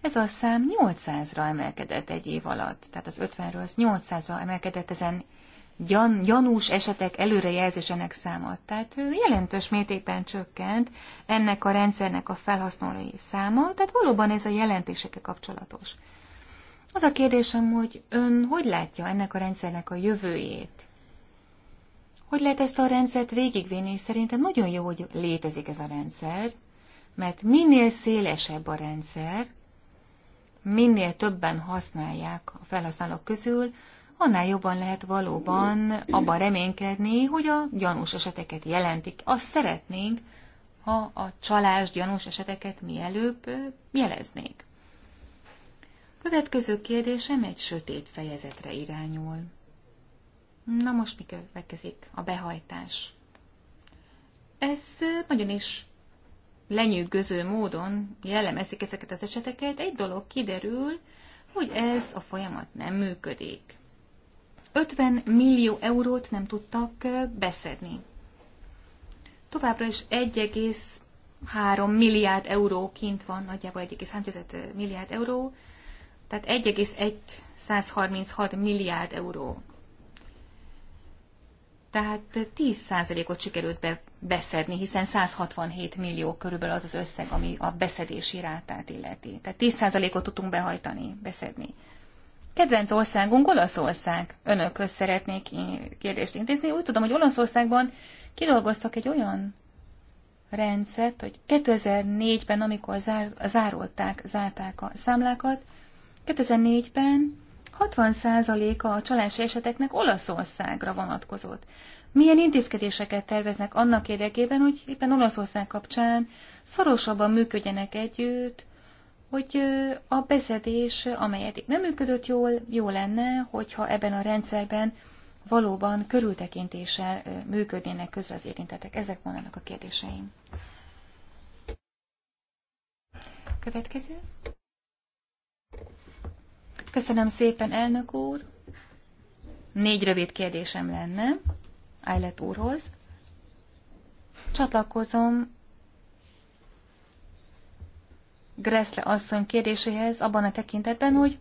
ez a szám 800-ra emelkedett egy év alatt, tehát az 50-ről az 800-ra emelkedett ezen gyan, gyanús esetek előrejelzésének száma. Tehát jelentős mértékben csökkent ennek a rendszernek a felhasználói száma, tehát valóban ez a jelentésekkel kapcsolatos. Az a kérdésem, hogy ön hogy látja ennek a rendszernek a jövőjét? Hogy lehet ezt a rendszert végigvinni? Szerintem nagyon jó, hogy létezik ez a rendszer, mert minél szélesebb a rendszer, minél többen használják a felhasználók közül, annál jobban lehet valóban abban reménykedni, hogy a gyanús eseteket jelentik. Azt szeretnénk, ha a csalás gyanús eseteket mielőbb jeleznék. Következő kérdésem egy sötét fejezetre irányul. Na most mi következik? A behajtás. Ez nagyon is lenyűgöző módon jellemezik ezeket az eseteket. Egy dolog kiderül, hogy ez a folyamat nem működik. 50 millió eurót nem tudtak beszedni. Továbbra is 1,3 milliárd euró kint van, nagyjából 1,3 milliárd euró, tehát 1,136 milliárd euró. Tehát 10%-ot sikerült be, beszedni, hiszen 167 millió körülbelül az az összeg, ami a beszedési rátát illeti. Tehát 10%-ot tudtunk behajtani, beszedni. Kedvenc országunk Olaszország. Önökhöz szeretnék kérdést intézni. Úgy tudom, hogy Olaszországban kidolgoztak egy olyan rendszert, hogy 2004-ben, amikor zár, zárolták, zárták a számlákat, 2004-ben 60%-a a csalási eseteknek Olaszországra vonatkozott. Milyen intézkedéseket terveznek annak érdekében, hogy éppen Olaszország kapcsán szorosabban működjenek együtt, hogy a beszedés, amely eddig nem működött jól, jó lenne, hogyha ebben a rendszerben valóban körültekintéssel működnének közre az érintetek. Ezek volnának a kérdéseim. Következő. Köszönöm szépen, elnök úr. Négy rövid kérdésem lenne Eilert úrhoz. Csatlakozom Gressle asszony kérdéséhez abban a tekintetben, hogy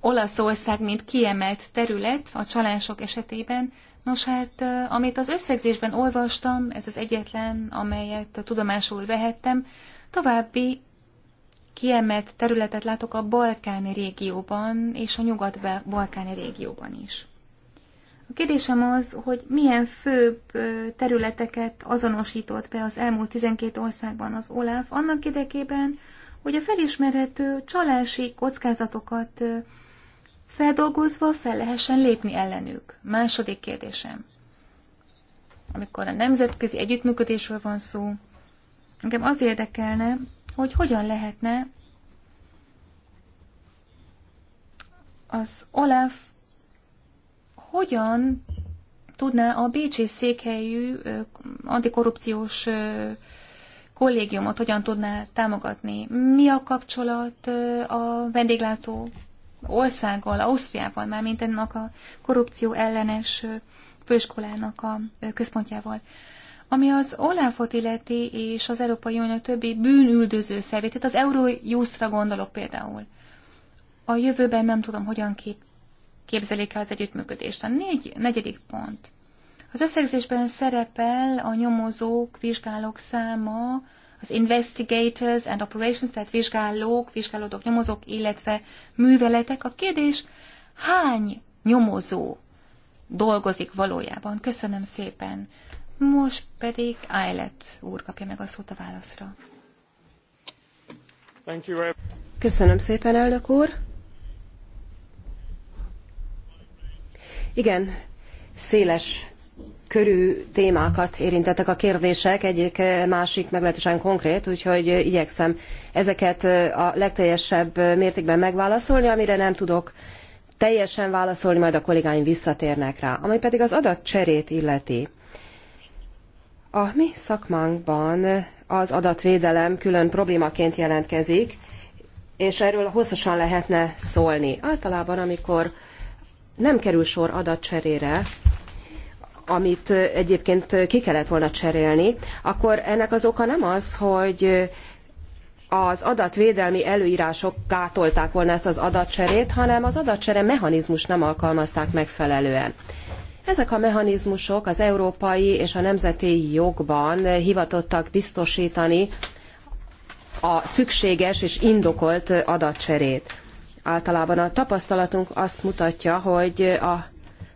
Olaszország, mint kiemelt terület a csalások esetében, nos hát, amit az összegzésben olvastam, ez az egyetlen, amelyet tudomásul vehettem, további kiemelt területet látok a balkáni régióban és a nyugat-balkáni régióban is. A kérdésem az, hogy milyen főbb területeket azonosított be az elmúlt 12 országban az OLAF annak érdekében, hogy a felismerhető csalási kockázatokat feldolgozva fel lehessen lépni ellenük. Második kérdésem. Amikor a nemzetközi együttműködésről van szó, engem az érdekelne, hogy hogyan lehetne az OLAF hogyan tudná a Bécsi székhelyű antikorrupciós kollégiumot hogyan tudná támogatni? Mi a kapcsolat a vendéglátó országgal, Ausztriával, már mint ennek a korrupció ellenes főiskolának a központjával? Ami az Olafot illeti és az Európai Unió többi bűnüldöző szervét, tehát az Eurojustra gondolok például. A jövőben nem tudom, hogyan kép képzelik el az együttműködést. A négy, negyedik pont. Az összegzésben szerepel a nyomozók, vizsgálók száma, az investigators and operations, tehát vizsgálók, vizsgálódók, nyomozók, illetve műveletek. A kérdés, hány nyomozó dolgozik valójában? Köszönöm szépen. Most pedig Eilert úr kapja meg a szót a válaszra. Köszönöm szépen, elnök úr. Igen, széles körű témákat érintettek a kérdések, egyik eh, másik meglehetősen konkrét, úgyhogy eh, igyekszem ezeket eh, a legteljesebb mértékben megválaszolni, amire nem tudok teljesen válaszolni, majd a kollégáim visszatérnek rá. Ami pedig az adatcserét illeti. A mi szakmánkban az adatvédelem külön problémaként jelentkezik, és erről hosszasan lehetne szólni. Általában, amikor nem kerül sor adatcserére, amit egyébként ki kellett volna cserélni, akkor ennek az oka nem az, hogy az adatvédelmi előírások gátolták volna ezt az adatcserét, hanem az adatcsere mechanizmus nem alkalmazták megfelelően. Ezek a mechanizmusok az európai és a nemzeti jogban hivatottak biztosítani a szükséges és indokolt adatcserét általában. A tapasztalatunk azt mutatja, hogy a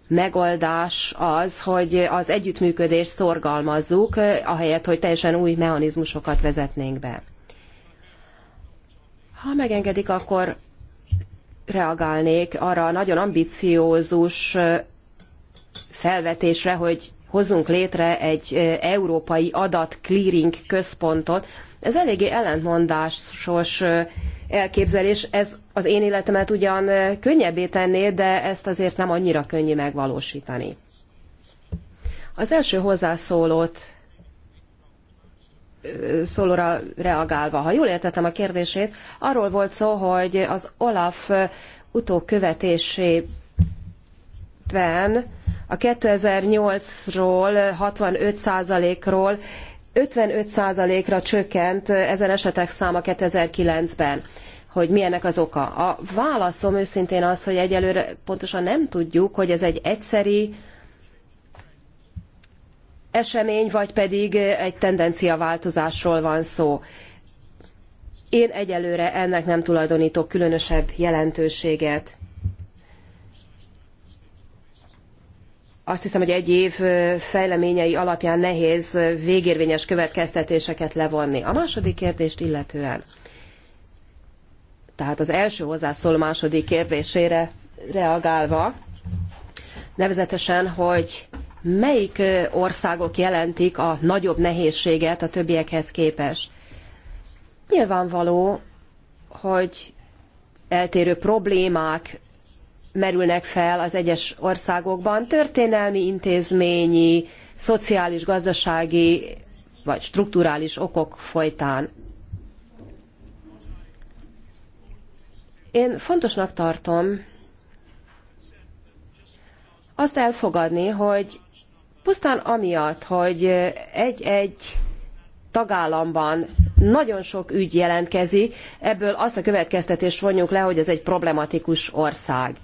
megoldás az, hogy az együttműködést szorgalmazzuk, ahelyett, hogy teljesen új mechanizmusokat vezetnénk be. Ha megengedik, akkor reagálnék arra a nagyon ambiciózus felvetésre, hogy hozzunk létre egy európai adat clearing központot. Ez eléggé ellentmondásos elképzelés. Ez az én életemet ugyan könnyebbé tenné, de ezt azért nem annyira könnyű megvalósítani. Az első hozzászólót szólóra reagálva, ha jól értettem a kérdését, arról volt szó, hogy az Olaf utókövetésében a 2008-ról 65%-ról 55%-ra csökkent ezen esetek száma 2009-ben hogy ennek az oka. A válaszom őszintén az, hogy egyelőre pontosan nem tudjuk, hogy ez egy egyszeri esemény, vagy pedig egy tendenciaváltozásról van szó. Én egyelőre ennek nem tulajdonítok különösebb jelentőséget. azt hiszem, hogy egy év fejleményei alapján nehéz végérvényes következtetéseket levonni. A második kérdést illetően, tehát az első hozzászóló második kérdésére reagálva, nevezetesen, hogy melyik országok jelentik a nagyobb nehézséget a többiekhez képest. Nyilvánvaló, hogy eltérő problémák merülnek fel az egyes országokban, történelmi, intézményi, szociális, gazdasági vagy strukturális okok folytán. Én fontosnak tartom azt elfogadni, hogy pusztán amiatt, hogy egy-egy tagállamban nagyon sok ügy jelentkezik, ebből azt a következtetést vonjuk le, hogy ez egy problematikus ország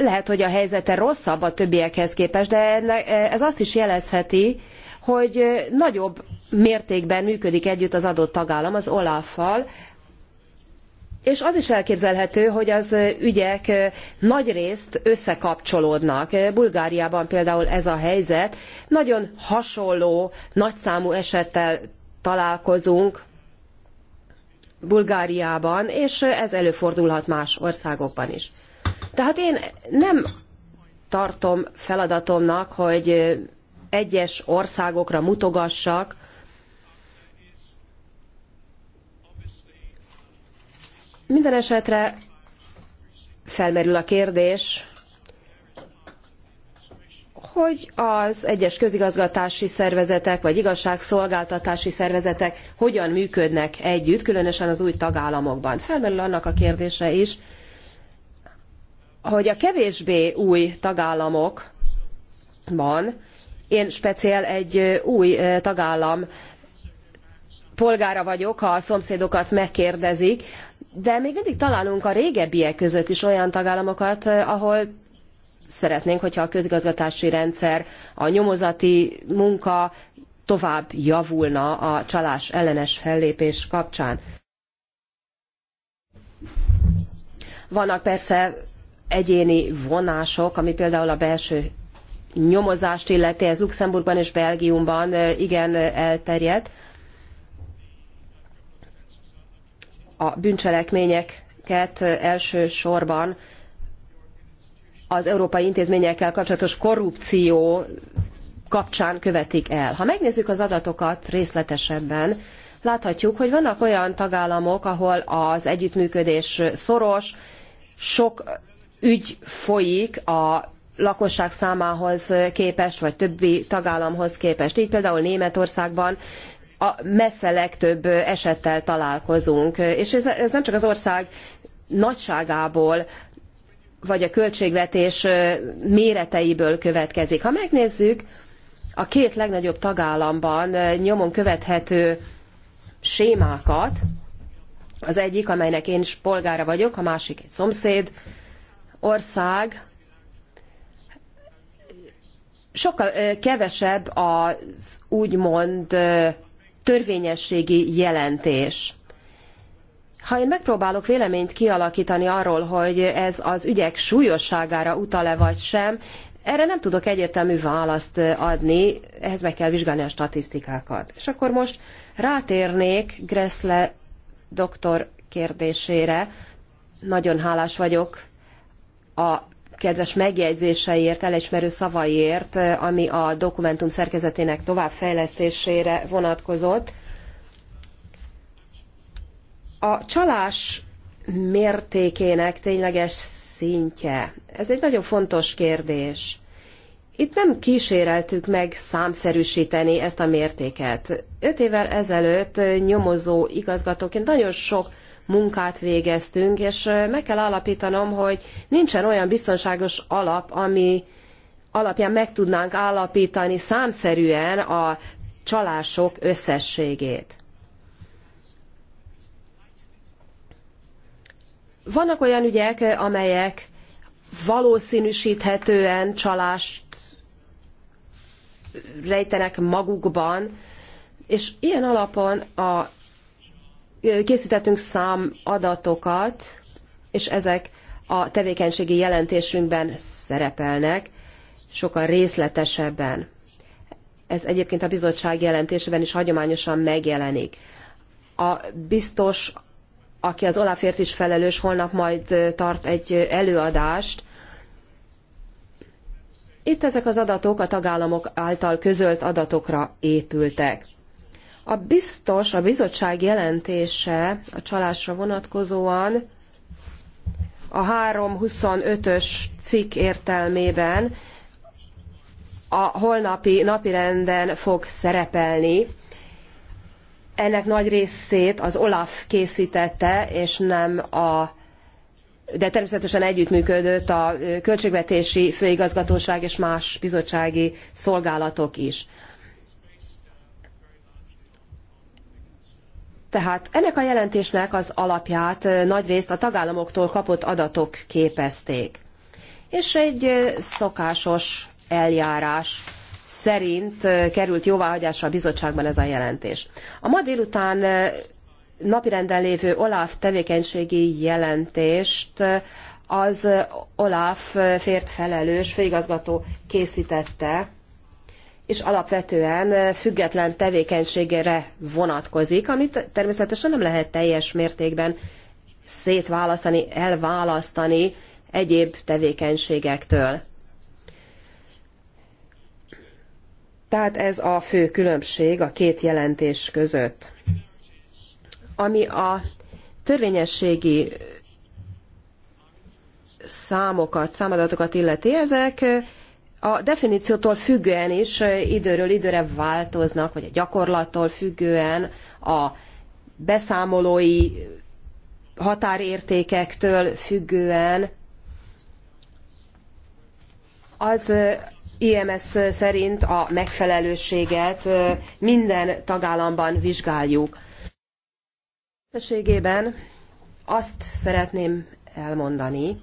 lehet, hogy a helyzete rosszabb a többiekhez képest, de e, ez azt is jelezheti, hogy e, nagyobb mértékben működik együtt az adott tagállam az OLAF-fal, és az is elképzelhető, hogy az e, ügyek nagy részt összekapcsolódnak. Bulgáriában például ez a helyzet. Nagyon hasonló, nagyszámú esettel találkozunk Bulgáriában, és ez előfordulhat más országokban is. Tehát én nem tartom feladatomnak, hogy egyes országokra mutogassak, Minden esetre felmerül a kérdés, hogy az egyes közigazgatási szervezetek vagy igazságszolgáltatási szervezetek hogyan működnek együtt, különösen az új tagállamokban. Felmerül annak a kérdése is, hogy a kevésbé új tagállamokban, én speciál egy új tagállam polgára vagyok, ha a szomszédokat megkérdezik, de még mindig találunk a régebbiek között is olyan tagállamokat, ahol szeretnénk, hogyha a közigazgatási rendszer, a nyomozati munka tovább javulna a csalás ellenes fellépés kapcsán. Vannak persze egyéni vonások, ami például a belső nyomozást illeti, ez Luxemburgban és Belgiumban igen elterjedt. A bűncselekményeket elsősorban az európai intézményekkel kapcsolatos korrupció kapcsán követik el. Ha megnézzük az adatokat részletesebben, láthatjuk, hogy vannak olyan tagállamok, ahol az együttműködés szoros, sok ügy folyik a lakosság számához képest, vagy többi tagállamhoz képest. Így például Németországban a messze legtöbb esettel találkozunk, és ez, ez nem csak az ország nagyságából, vagy a költségvetés méreteiből következik. Ha megnézzük, a két legnagyobb tagállamban nyomon követhető sémákat, az egyik, amelynek én is polgára vagyok, a másik egy szomszéd, ország sokkal kevesebb az úgymond törvényességi jelentés. Ha én megpróbálok véleményt kialakítani arról, hogy ez az ügyek súlyosságára utal-e vagy sem, erre nem tudok egyértelmű választ adni, ehhez meg kell vizsgálni a statisztikákat. És akkor most rátérnék Gressle doktor kérdésére. Nagyon hálás vagyok a kedves megjegyzéseiért, elismerő szavaiért, ami a dokumentum szerkezetének továbbfejlesztésére vonatkozott. A csalás mértékének tényleges szintje. Ez egy nagyon fontos kérdés. Itt nem kíséreltük meg számszerűsíteni ezt a mértéket. Öt évvel ezelőtt nyomozó igazgatóként nagyon sok munkát végeztünk, és meg kell állapítanom, hogy nincsen olyan biztonságos alap, ami alapján meg tudnánk állapítani számszerűen a csalások összességét. Vannak olyan ügyek, amelyek valószínűsíthetően csalást rejtenek magukban, és ilyen alapon a készítettünk szám adatokat, és ezek a tevékenységi jelentésünkben szerepelnek, sokkal részletesebben. Ez egyébként a bizottság jelentésében is hagyományosan megjelenik. A biztos, aki az Olafért is felelős, holnap majd tart egy előadást. Itt ezek az adatok a tagállamok által közölt adatokra épültek. A biztos, a bizottság jelentése a csalásra vonatkozóan a 325-ös cikk értelmében a holnapi napirenden fog szerepelni. Ennek nagy részét az OLAF készítette, és nem a de természetesen együttműködött a költségvetési főigazgatóság és más bizottsági szolgálatok is. Tehát ennek a jelentésnek az alapját nagyrészt a tagállamoktól kapott adatok képezték. És egy szokásos eljárás szerint került jóváhagyásra a bizottságban ez a jelentés. A ma délután napirenden lévő OLAF tevékenységi jelentést az OLAF fért felelős főigazgató készítette és alapvetően független tevékenységére vonatkozik, amit természetesen nem lehet teljes mértékben szétválasztani, elválasztani egyéb tevékenységektől. Tehát ez a fő különbség a két jelentés között. Ami a törvényességi számokat, számadatokat illeti, ezek a definíciótól függően is időről időre változnak, vagy a gyakorlattól függően a beszámolói határértékektől függően az IMS szerint a megfelelőséget minden tagállamban vizsgáljuk. Összességében azt szeretném elmondani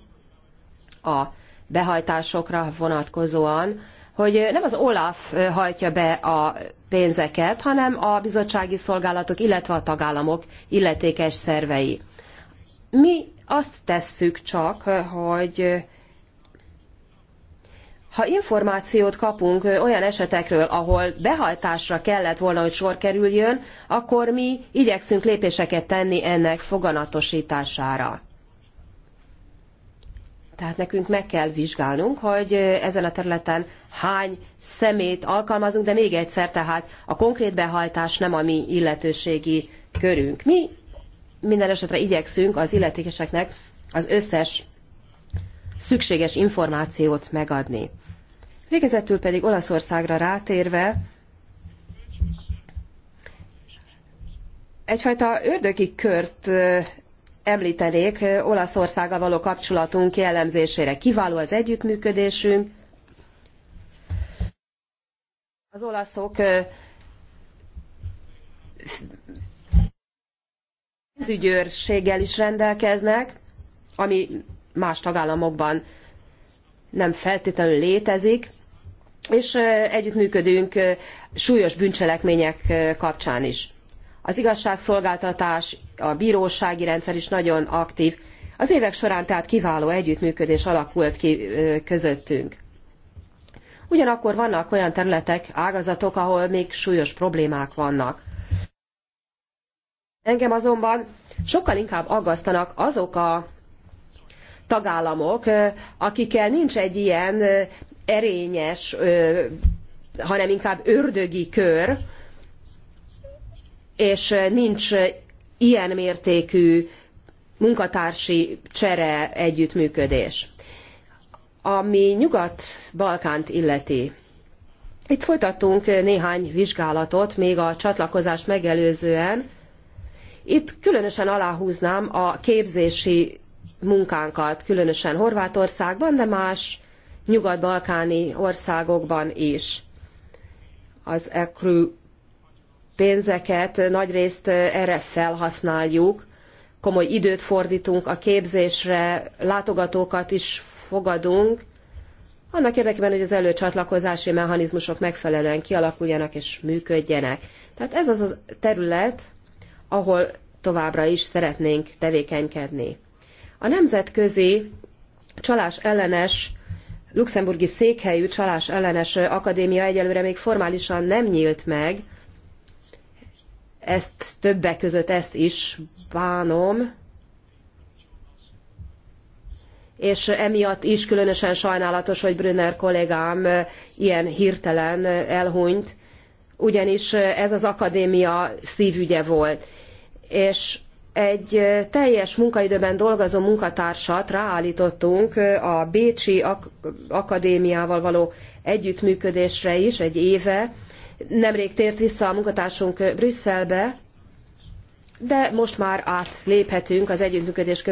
a behajtásokra vonatkozóan, hogy nem az OLAF hajtja be a pénzeket, hanem a bizottsági szolgálatok, illetve a tagállamok illetékes szervei. Mi azt tesszük csak, hogy ha információt kapunk olyan esetekről, ahol behajtásra kellett volna, hogy sor kerüljön, akkor mi igyekszünk lépéseket tenni ennek foganatosítására. Tehát nekünk meg kell vizsgálnunk, hogy ezen a területen hány szemét alkalmazunk, de még egyszer, tehát a konkrét behajtás nem a mi illetőségi körünk. Mi minden esetre igyekszünk az illetékeseknek az összes szükséges információt megadni. Végezetül pedig Olaszországra rátérve, egyfajta ördögi kört említenék Olaszországgal való kapcsolatunk jellemzésére. Kiváló az együttműködésünk. Az olaszok pénzügyőrséggel is rendelkeznek, ami más tagállamokban nem feltétlenül létezik, és együttműködünk súlyos bűncselekmények kapcsán is az igazságszolgáltatás, a bírósági rendszer is nagyon aktív. Az évek során tehát kiváló együttműködés alakult ki közöttünk. Ugyanakkor vannak olyan területek, ágazatok, ahol még súlyos problémák vannak. Engem azonban sokkal inkább aggasztanak azok a tagállamok, akikkel nincs egy ilyen erényes, hanem inkább ördögi kör, és eh, nincs eh, ilyen mértékű munkatársi csere együttműködés. Ami Nyugat-Balkánt illeti, itt folytattunk eh, néhány vizsgálatot, még a csatlakozást megelőzően. Itt különösen aláhúznám a képzési munkánkat, különösen Horvátországban, de más nyugat-balkáni országokban is. Az ECRU pénzeket nagyrészt erre felhasználjuk, komoly időt fordítunk a képzésre, látogatókat is fogadunk, annak érdekében, hogy az előcsatlakozási mechanizmusok megfelelően kialakuljanak és működjenek. Tehát ez az a terület, ahol továbbra is szeretnénk tevékenykedni. A nemzetközi csalás ellenes luxemburgi székhelyű csalás ellenes akadémia egyelőre még formálisan nem nyílt meg, ezt többek között ezt is bánom, és emiatt is különösen sajnálatos, hogy Brünner kollégám ilyen hirtelen elhunyt, ugyanis ez az akadémia szívügye volt. És egy teljes munkaidőben dolgozó munkatársat ráállítottunk a Bécsi Akadémiával való együttműködésre is egy éve, Nemrég tért vissza a munkatársunk Brüsszelbe, de most már átléphetünk az együttműködés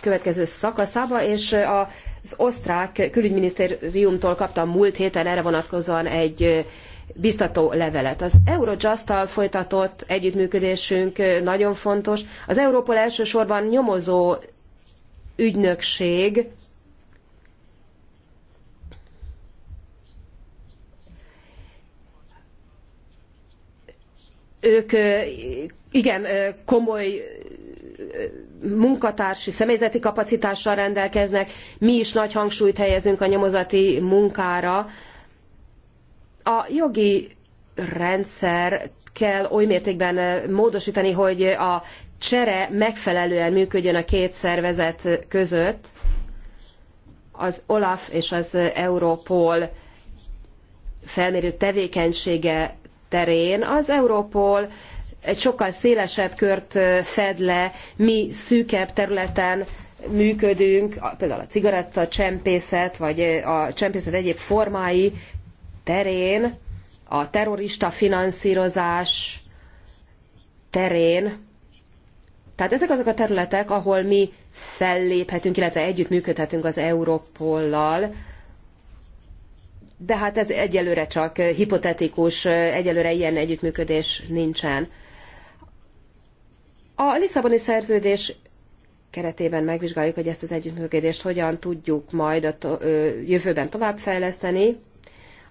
következő szakaszába, és az osztrák külügyminisztériumtól kaptam múlt héten erre vonatkozóan egy biztató levelet. Az Eurojust-tal folytatott együttműködésünk nagyon fontos. Az Európol elsősorban nyomozó ügynökség, ők igen komoly munkatársi, személyzeti kapacitással rendelkeznek, mi is nagy hangsúlyt helyezünk a nyomozati munkára. A jogi rendszer kell oly mértékben módosítani, hogy a csere megfelelően működjön a két szervezet között, az OLAF és az Europol felmérő tevékenysége terén az Europol egy sokkal szélesebb kört fed le, mi szűkebb területen működünk, például a cigarettacsempészet, vagy a csempészet egyéb formái terén, a terrorista finanszírozás terén. Tehát ezek azok a területek, ahol mi felléphetünk, illetve együttműködhetünk az Európollal, de hát ez egyelőre csak hipotetikus, egyelőre ilyen együttműködés nincsen. A Lisszaboni szerződés keretében megvizsgáljuk, hogy ezt az együttműködést hogyan tudjuk majd a to- jövőben továbbfejleszteni.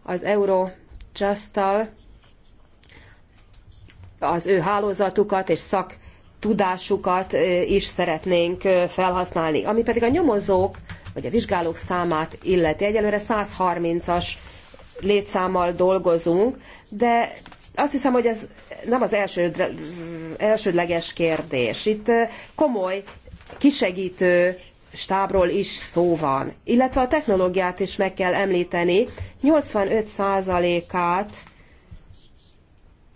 Az Euro Justal az ő hálózatukat és szak tudásukat is szeretnénk felhasználni. Ami pedig a nyomozók vagy a vizsgálók számát illeti. Egyelőre 130-as létszámmal dolgozunk, de azt hiszem, hogy ez nem az első elsődleges kérdés. Itt komoly, kisegítő stábról is szó van. Illetve a technológiát is meg kell említeni. 85%-át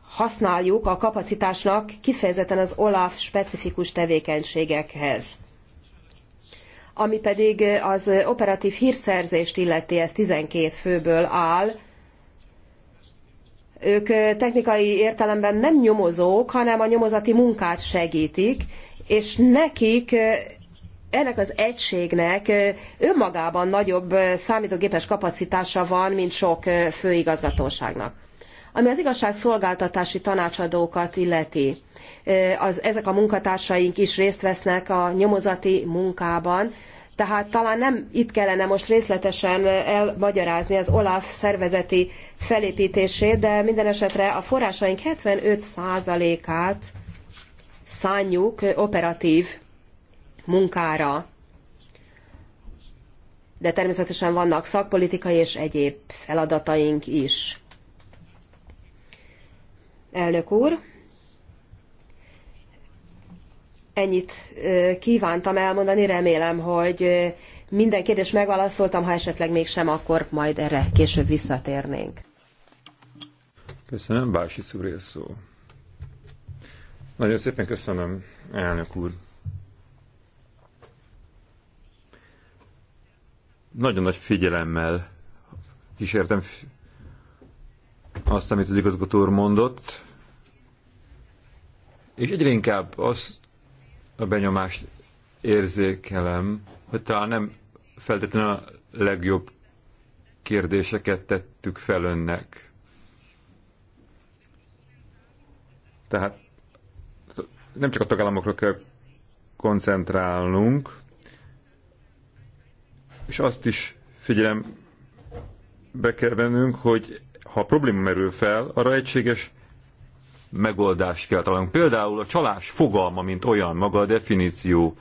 használjuk a kapacitásnak kifejezetten az OLAF specifikus tevékenységekhez. Ami pedig az operatív hírszerzést illeti, ez 12 főből áll, ők technikai értelemben nem nyomozók, hanem a nyomozati munkát segítik, és nekik ennek az egységnek önmagában nagyobb számítógépes kapacitása van, mint sok főigazgatóságnak. Ami az igazságszolgáltatási tanácsadókat illeti, az, ezek a munkatársaink is részt vesznek a nyomozati munkában. Tehát talán nem itt kellene most részletesen elmagyarázni az OLAF szervezeti felépítését, de minden esetre a forrásaink 75%-át szánjuk operatív munkára. De természetesen vannak szakpolitikai és egyéb feladataink is. Elnök úr! Ennyit kívántam elmondani, remélem, hogy minden kérdést megválaszoltam, ha esetleg mégsem, akkor majd erre később visszatérnénk. Köszönöm, Bási Szúrél szó. Nagyon szépen köszönöm, elnök úr. Nagyon nagy figyelemmel kísértem azt, amit az igazgató úr mondott, és egyre inkább azt a benyomást érzékelem, hogy talán nem feltétlenül a legjobb kérdéseket tettük fel önnek. Tehát nem csak a tagállamokra kell koncentrálnunk, és azt is figyelem be kell vennünk, hogy ha probléma merül fel, arra egységes megoldást kell találnunk. Például a csalás fogalma, mint olyan maga a definícióra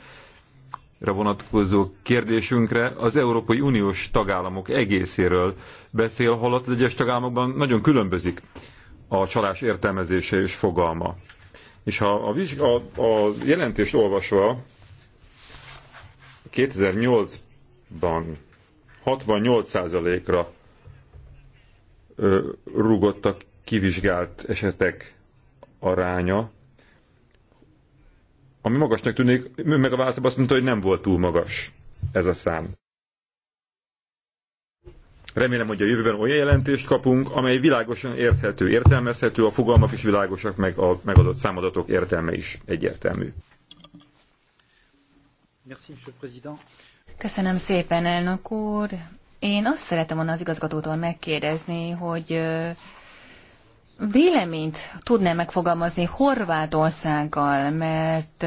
vonatkozó kérdésünkre az Európai Uniós tagállamok egészéről beszél, holott az egyes tagállamokban nagyon különbözik a csalás értelmezése és fogalma. És ha a, a, a jelentést olvasva 2008-ban 68%-ra rúgottak kivizsgált esetek aránya, ami magasnak tűnik, ő meg a válaszában azt mondta, hogy nem volt túl magas ez a szám. Remélem, hogy a jövőben olyan jelentést kapunk, amely világosan érthető, értelmezhető, a fogalmak is világosak, meg a megadott számadatok értelme is egyértelmű. Köszönöm szépen, elnök úr. Én azt szeretem volna az igazgatótól megkérdezni, hogy véleményt tudná megfogalmazni Horvátországgal, mert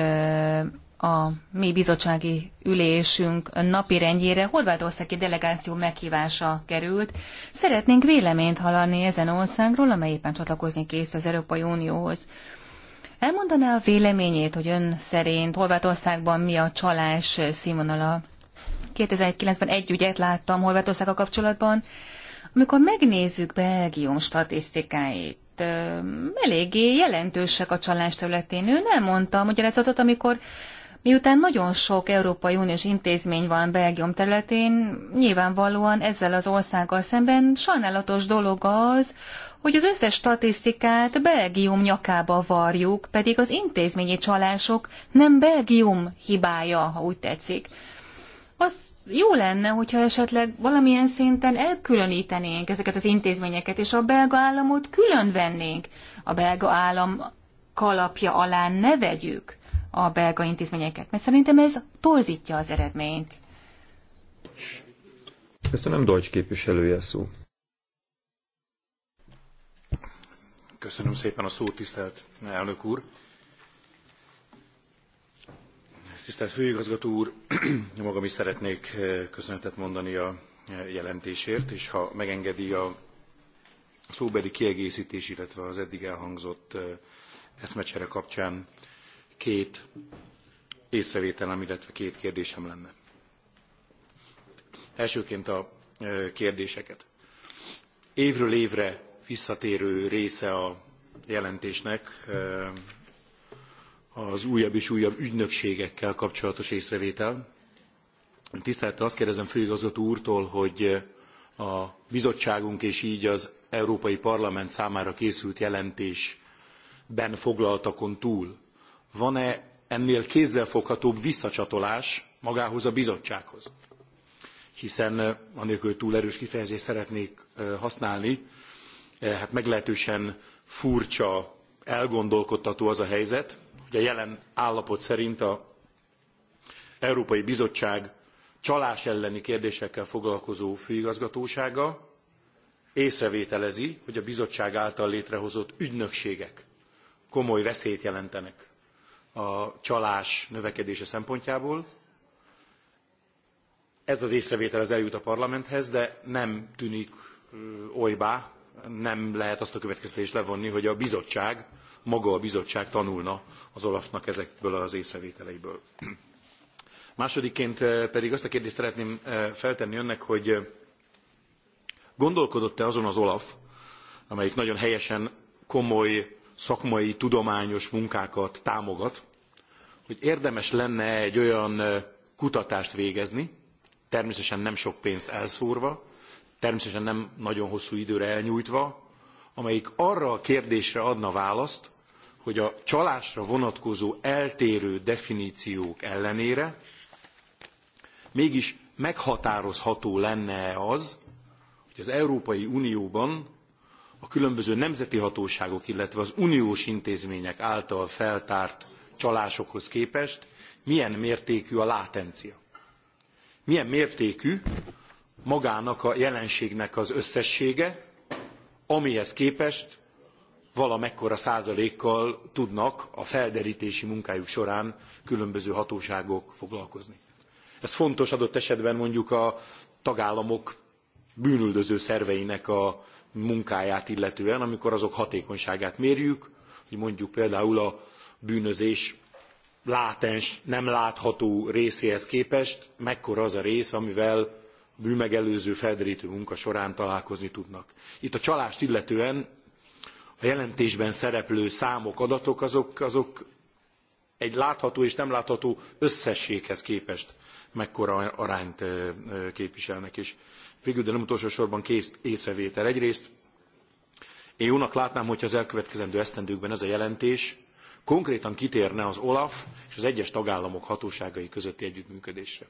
a mi bizottsági ülésünk napi rendjére horvátországi delegáció meghívása került. Szeretnénk véleményt hallani ezen országról, amely éppen csatlakozni kész az Európai Unióhoz. Elmondaná a véleményét, hogy ön szerint Horvátországban mi a csalás színvonala? 2009-ben egy ügyet láttam Horvátországa kapcsolatban, mikor megnézzük Belgium statisztikáit, eléggé jelentősek a csalás területén. Ő nem mondta a magyarázatot, amikor miután nagyon sok Európai Uniós intézmény van Belgium területén, nyilvánvalóan ezzel az országgal szemben sajnálatos dolog az, hogy az összes statisztikát Belgium nyakába varjuk, pedig az intézményi csalások nem Belgium hibája, ha úgy tetszik. Azt jó lenne, hogyha esetleg valamilyen szinten elkülönítenénk ezeket az intézményeket, és a belga államot külön vennénk. A belga állam kalapja alá ne vegyük a belga intézményeket, mert szerintem ez torzítja az eredményt. Köszönöm, Dolcs képviselője szó. Köszönöm szépen a szót, tisztelt elnök úr Tisztelt Főigazgató úr, magam is szeretnék eh, köszönetet mondani a eh, jelentésért, és ha megengedi a szóbeli kiegésztés illetve az eddig elhangzott eh, eszmecsere kapcsán két észrevételem, illetve két kérdésem lenne. Elsőként a kérdéseket. Évről évre visszatérő része a jelentésnek az újabb és újabb ügynökségekkel kapcsolatos észrevétel. Tisztelettel azt kérdezem főigazgató úrtól, hogy a bizottságunk és így az Európai Parlament számára készült jelentésben foglaltakon túl van-e ennél kézzelfoghatóbb visszacsatolás magához a bizottsághoz? Hiszen eh, anélkül túl erős kifejezést szeretnék eh, használni, eh, hát meglehetősen furcsa, elgondolkodtató az a helyzet, hogy a jelen állapot szerint az Európai Bizottság csalás elleni kérdésekkel foglalkozó főigazgatósága észrevételezi, hogy a bizottság által létrehozott ügynökségek komoly veszélyt jelentenek a csalás növekedése szempontjából. Ez az észrevétel eljut a parlamenthez, de nem tűnik olybá, nem lehet azt a következtetést levonni, hogy a bizottság, maga a bizottság tanulna az Olafnak ezekből az észrevételeiből. Másodikként eh, pedig azt a kérdést szeretném eh, feltenni önnek, hogy eh, gondolkodott-e azon az Olaf, amelyik nagyon helyesen komoly szakmai, tudományos munkákat támogat, hogy érdemes lenne egy olyan kutatást végezni, természetesen nem sok pénzt elszórva, természetesen nem nagyon hosszú időre elnyújtva, amelyik arra a kérdésre adna választ, hogy a csalásra vonatkozó eltérő definíciók ellenére mégis meghatározható lenne az, hogy az Európai Unióban a különböző nemzeti hatóságok, illetve az uniós intézmények által feltárt csalásokhoz képest milyen mértékű a látencia. Milyen mértékű magának a jelenségnek az összessége, amihez képest valamekkora százalékkal tudnak a felderítési munkájuk során különböző hatóságok foglalkozni. Ez fontos adott esetben mondjuk a tagállamok bűnüldöző szerveinek a munkáját illetően, amikor azok hatékonyságát mérjük, hogy mondjuk például a bűnözés látens, nem látható részéhez képest mekkora az a rész, amivel bűnmegelőző feldrítő munka során találkozni tudnak. Itt a csalást illetően a jelentésben szereplő számok, adatok, azok, azok egy látható és nem látható összességhez képest mekkora arányt képviselnek. És végül, de nem utolsó sorban két észrevétel. Egyrészt én jónak látnám, hogyha az elkövetkezendő esztendőkben ez a jelentés konkrétan kitérne az OLAF és az egyes tagállamok hatóságai közötti együttműködésre.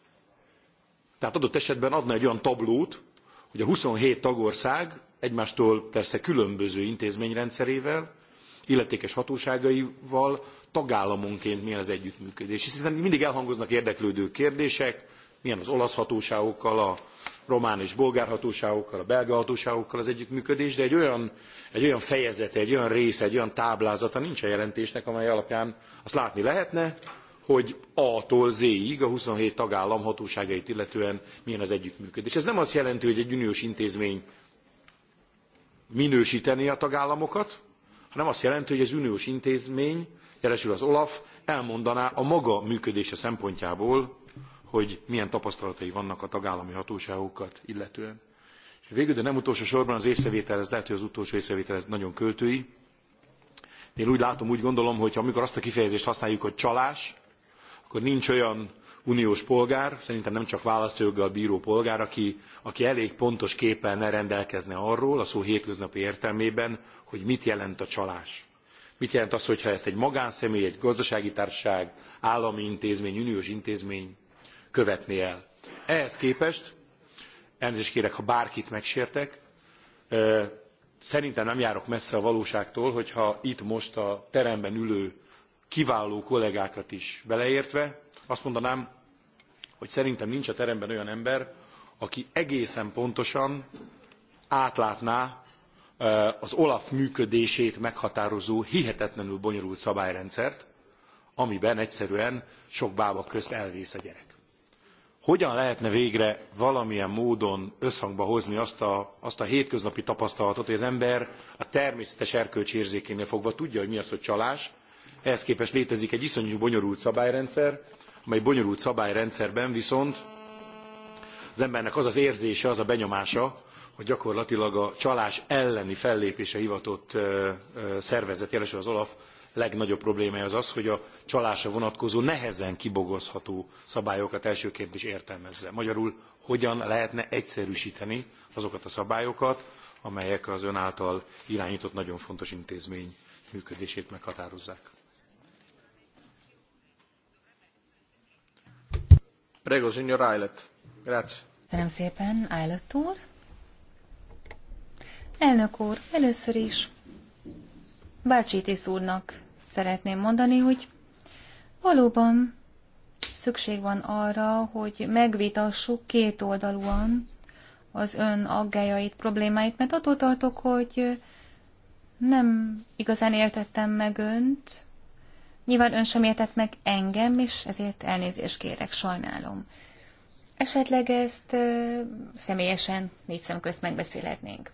Tehát adott esetben adna egy olyan tablót, hogy a 27 tagország egymástól persze különböző intézményrendszerével, illetékes hatóságaival tagállamonként milyen az együttműködés. Hiszen mindig elhangoznak érdeklődő kérdések, milyen az olasz hatóságokkal, a román és bolgár hatóságokkal, a belga hatóságokkal az együttműködés, de egy olyan, egy olyan fejezete, egy olyan része, egy olyan táblázata nincs a jelentésnek, amely alapján azt látni lehetne, hogy A-tól Z-ig a 27 tagállam hatóságait illetően milyen az együttműködés. Ez nem azt jelenti, hogy egy uniós intézmény minősítené a tagállamokat, hanem azt jelenti, hogy az uniós intézmény, jelesül az OLAF, elmondaná a maga működése szempontjából, hogy milyen tapasztalatai vannak a tagállami hatóságokat illetően. És végül, de nem utolsó sorban az észrevétel, ez lehet, hogy az utolsó észrevétel ez nagyon költői. Én úgy látom, úgy gondolom, hogy amikor azt a kifejezést használjuk, hogy csalás, akkor nincs olyan uniós polgár, szerintem nem csak választójoggal bíró polgár, aki, aki elég pontos képpel ne rendelkezne arról, a szó hétköznapi értelmében, hogy mit jelent a csalás. Mit jelent az, hogyha ezt egy magánszemély, egy gazdasági társaság, állami intézmény, uniós intézmény követné el. Ehhez képest, elnézést kérek, ha bárkit megsértek, szerintem nem járok messze a valóságtól, hogyha itt most a teremben ülő kiváló kollégákat is beleértve, azt mondanám, hogy szerintem nincs a teremben olyan ember, aki egészen pontosan átlátná az OLAF működését meghatározó hihetetlenül bonyolult szabályrendszert, amiben egyszerűen sok bába közt elvész a gyerek. Hogyan lehetne végre valamilyen módon összhangba hozni azt a, azt a hétköznapi tapasztalatot, hogy az ember a természetes erkölcsi érzékénél fogva tudja, hogy mi az, hogy csalás, ehhez képest létezik egy iszonyú bonyolult szabályrendszer, amely bonyolult szabályrendszerben viszont az embernek az az érzése, az a benyomása, hogy gyakorlatilag a csalás elleni fellépése hivatott szervezet, jelesül az OLAF, legnagyobb problémája az az, hogy a csalásra vonatkozó nehezen kibogozható szabályokat elsőként is értelmezze. Magyarul hogyan lehetne egyszerűsíteni azokat a szabályokat, amelyek az ön által irányított nagyon fontos intézmény működését meghatározzák. Prego, signor Eilert. Grazie. Köszönöm szépen, Eilert úr. Elnök úr, először is Bácsitis úrnak szeretném mondani, hogy valóban szükség van arra, hogy megvitassuk kétoldalúan az ön aggájait, problémáit, mert attól tartok, hogy nem igazán értettem meg önt, Nyilván ön sem értett meg engem, és ezért elnézést kérek, sajnálom. Esetleg ezt ö, személyesen négy szem közt megbeszélhetnénk.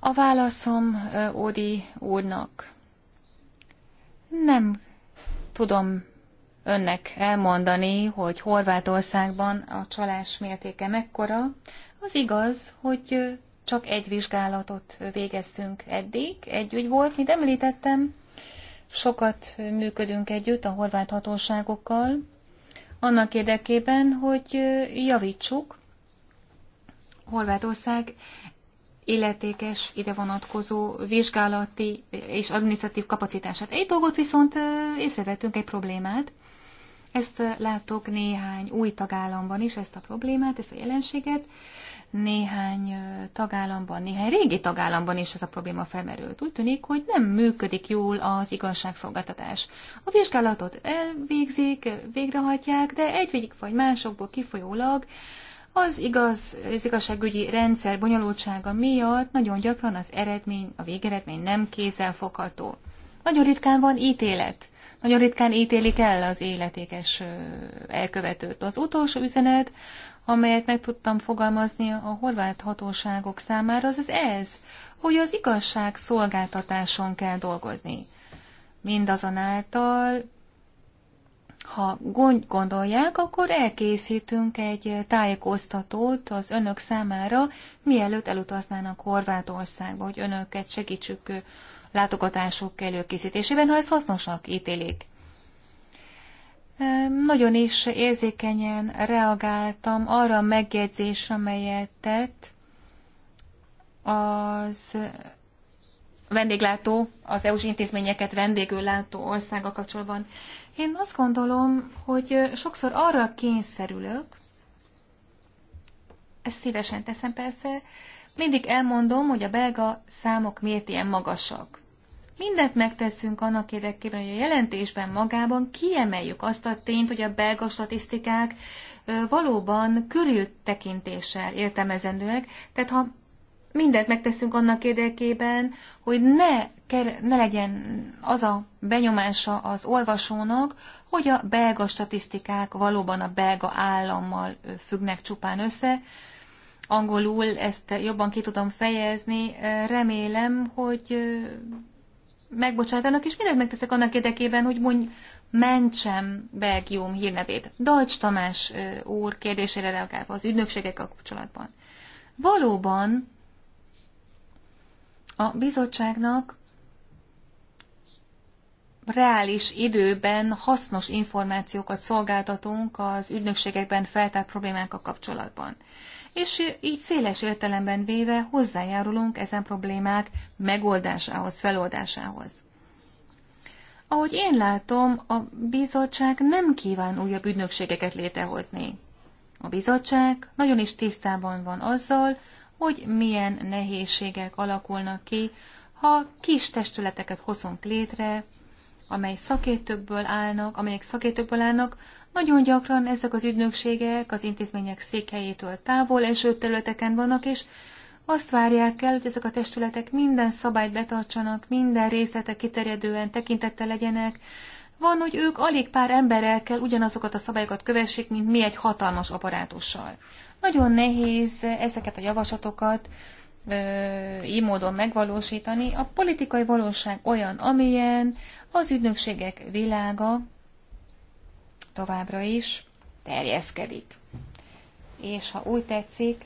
A válaszom Ódi úrnak. Nem tudom önnek elmondani, hogy Horvátországban a csalás mértéke mekkora. Az igaz, hogy csak egy vizsgálatot végeztünk eddig. Egy ügy volt, mint említettem, sokat működünk együtt a horvát hatóságokkal, annak érdekében, hogy javítsuk Horvátország illetékes, ide vonatkozó vizsgálati és adminisztratív kapacitását. Egy dolgot viszont észrevettünk, egy problémát. Ezt látok néhány új tagállamban is, ezt a problémát, ezt a jelenséget. Néhány tagállamban, néhány régi tagállamban is ez a probléma felmerült. Úgy tűnik, hogy nem működik jól az igazságszolgáltatás. A vizsgálatot elvégzik, végrehajtják, de egyik vagy másokból kifolyólag az igaz, az igazságügyi rendszer bonyolultsága miatt nagyon gyakran az eredmény, a végeredmény nem kézzelfogható. Nagyon ritkán van ítélet. Nagyon ritkán ítélik el az életékes elkövetőt. Az utolsó üzenet, amelyet meg tudtam fogalmazni a horvát hatóságok számára, az, az ez, hogy az igazság szolgáltatáson kell dolgozni. Mindazonáltal, ha gondolják, akkor elkészítünk egy tájékoztatót az önök számára, mielőtt elutaznának Horvátországba, hogy önöket segítsük látogatások előkészítésében, ha ezt hasznosnak ítélik. Nagyon is érzékenyen reagáltam arra a megjegyzésre, amelyet tett az vendéglátó, az EU-s intézményeket vendégül látó országa kapcsolatban. Én azt gondolom, hogy sokszor arra kényszerülök, ezt szívesen teszem persze, mindig elmondom, hogy a belga számok miért ilyen magasak. Mindent megteszünk annak érdekében, hogy a jelentésben magában kiemeljük azt a tényt, hogy a belga statisztikák valóban körültekintéssel értelmezendőek, tehát ha mindent megteszünk annak érdekében, hogy ne, ker ne legyen az a benyomása az olvasónak, hogy a belga statisztikák valóban a belga állammal függnek csupán össze. Angolul ezt jobban ki tudom fejezni. Remélem, hogy megbocsátanak, és mindent megteszek annak érdekében, hogy mondj, mentsem Belgium hírnevét. Dalcs Tamás úr kérdésére reagálva az ügynökségek kapcsolatban. Valóban a bizottságnak reális időben hasznos információkat szolgáltatunk az ügynökségekben feltárt problémákkal kapcsolatban és így széles értelemben véve hozzájárulunk ezen problémák megoldásához, feloldásához. Ahogy én látom, a bizottság nem kíván újabb ügynökségeket létrehozni. A bizottság nagyon is tisztában van azzal, hogy milyen nehézségek alakulnak ki, ha kis testületeket hozunk létre, amely szakértőkből állnak, amelyek szakértőkből állnak, nagyon gyakran ezek az ügynökségek az intézmények székhelyétől távol eső területeken vannak, és azt várják el, hogy ezek a testületek minden szabályt betartsanak, minden részletek kiterjedően tekintettel legyenek. Van, hogy ők alig pár emberrel kell ugyanazokat a szabályokat kövessék, mint mi egy hatalmas aparátussal. Nagyon nehéz ezeket a javaslatokat így módon megvalósítani. A politikai valóság olyan, amilyen az ügynökségek világa továbbra is terjeszkedik. És ha úgy tetszik,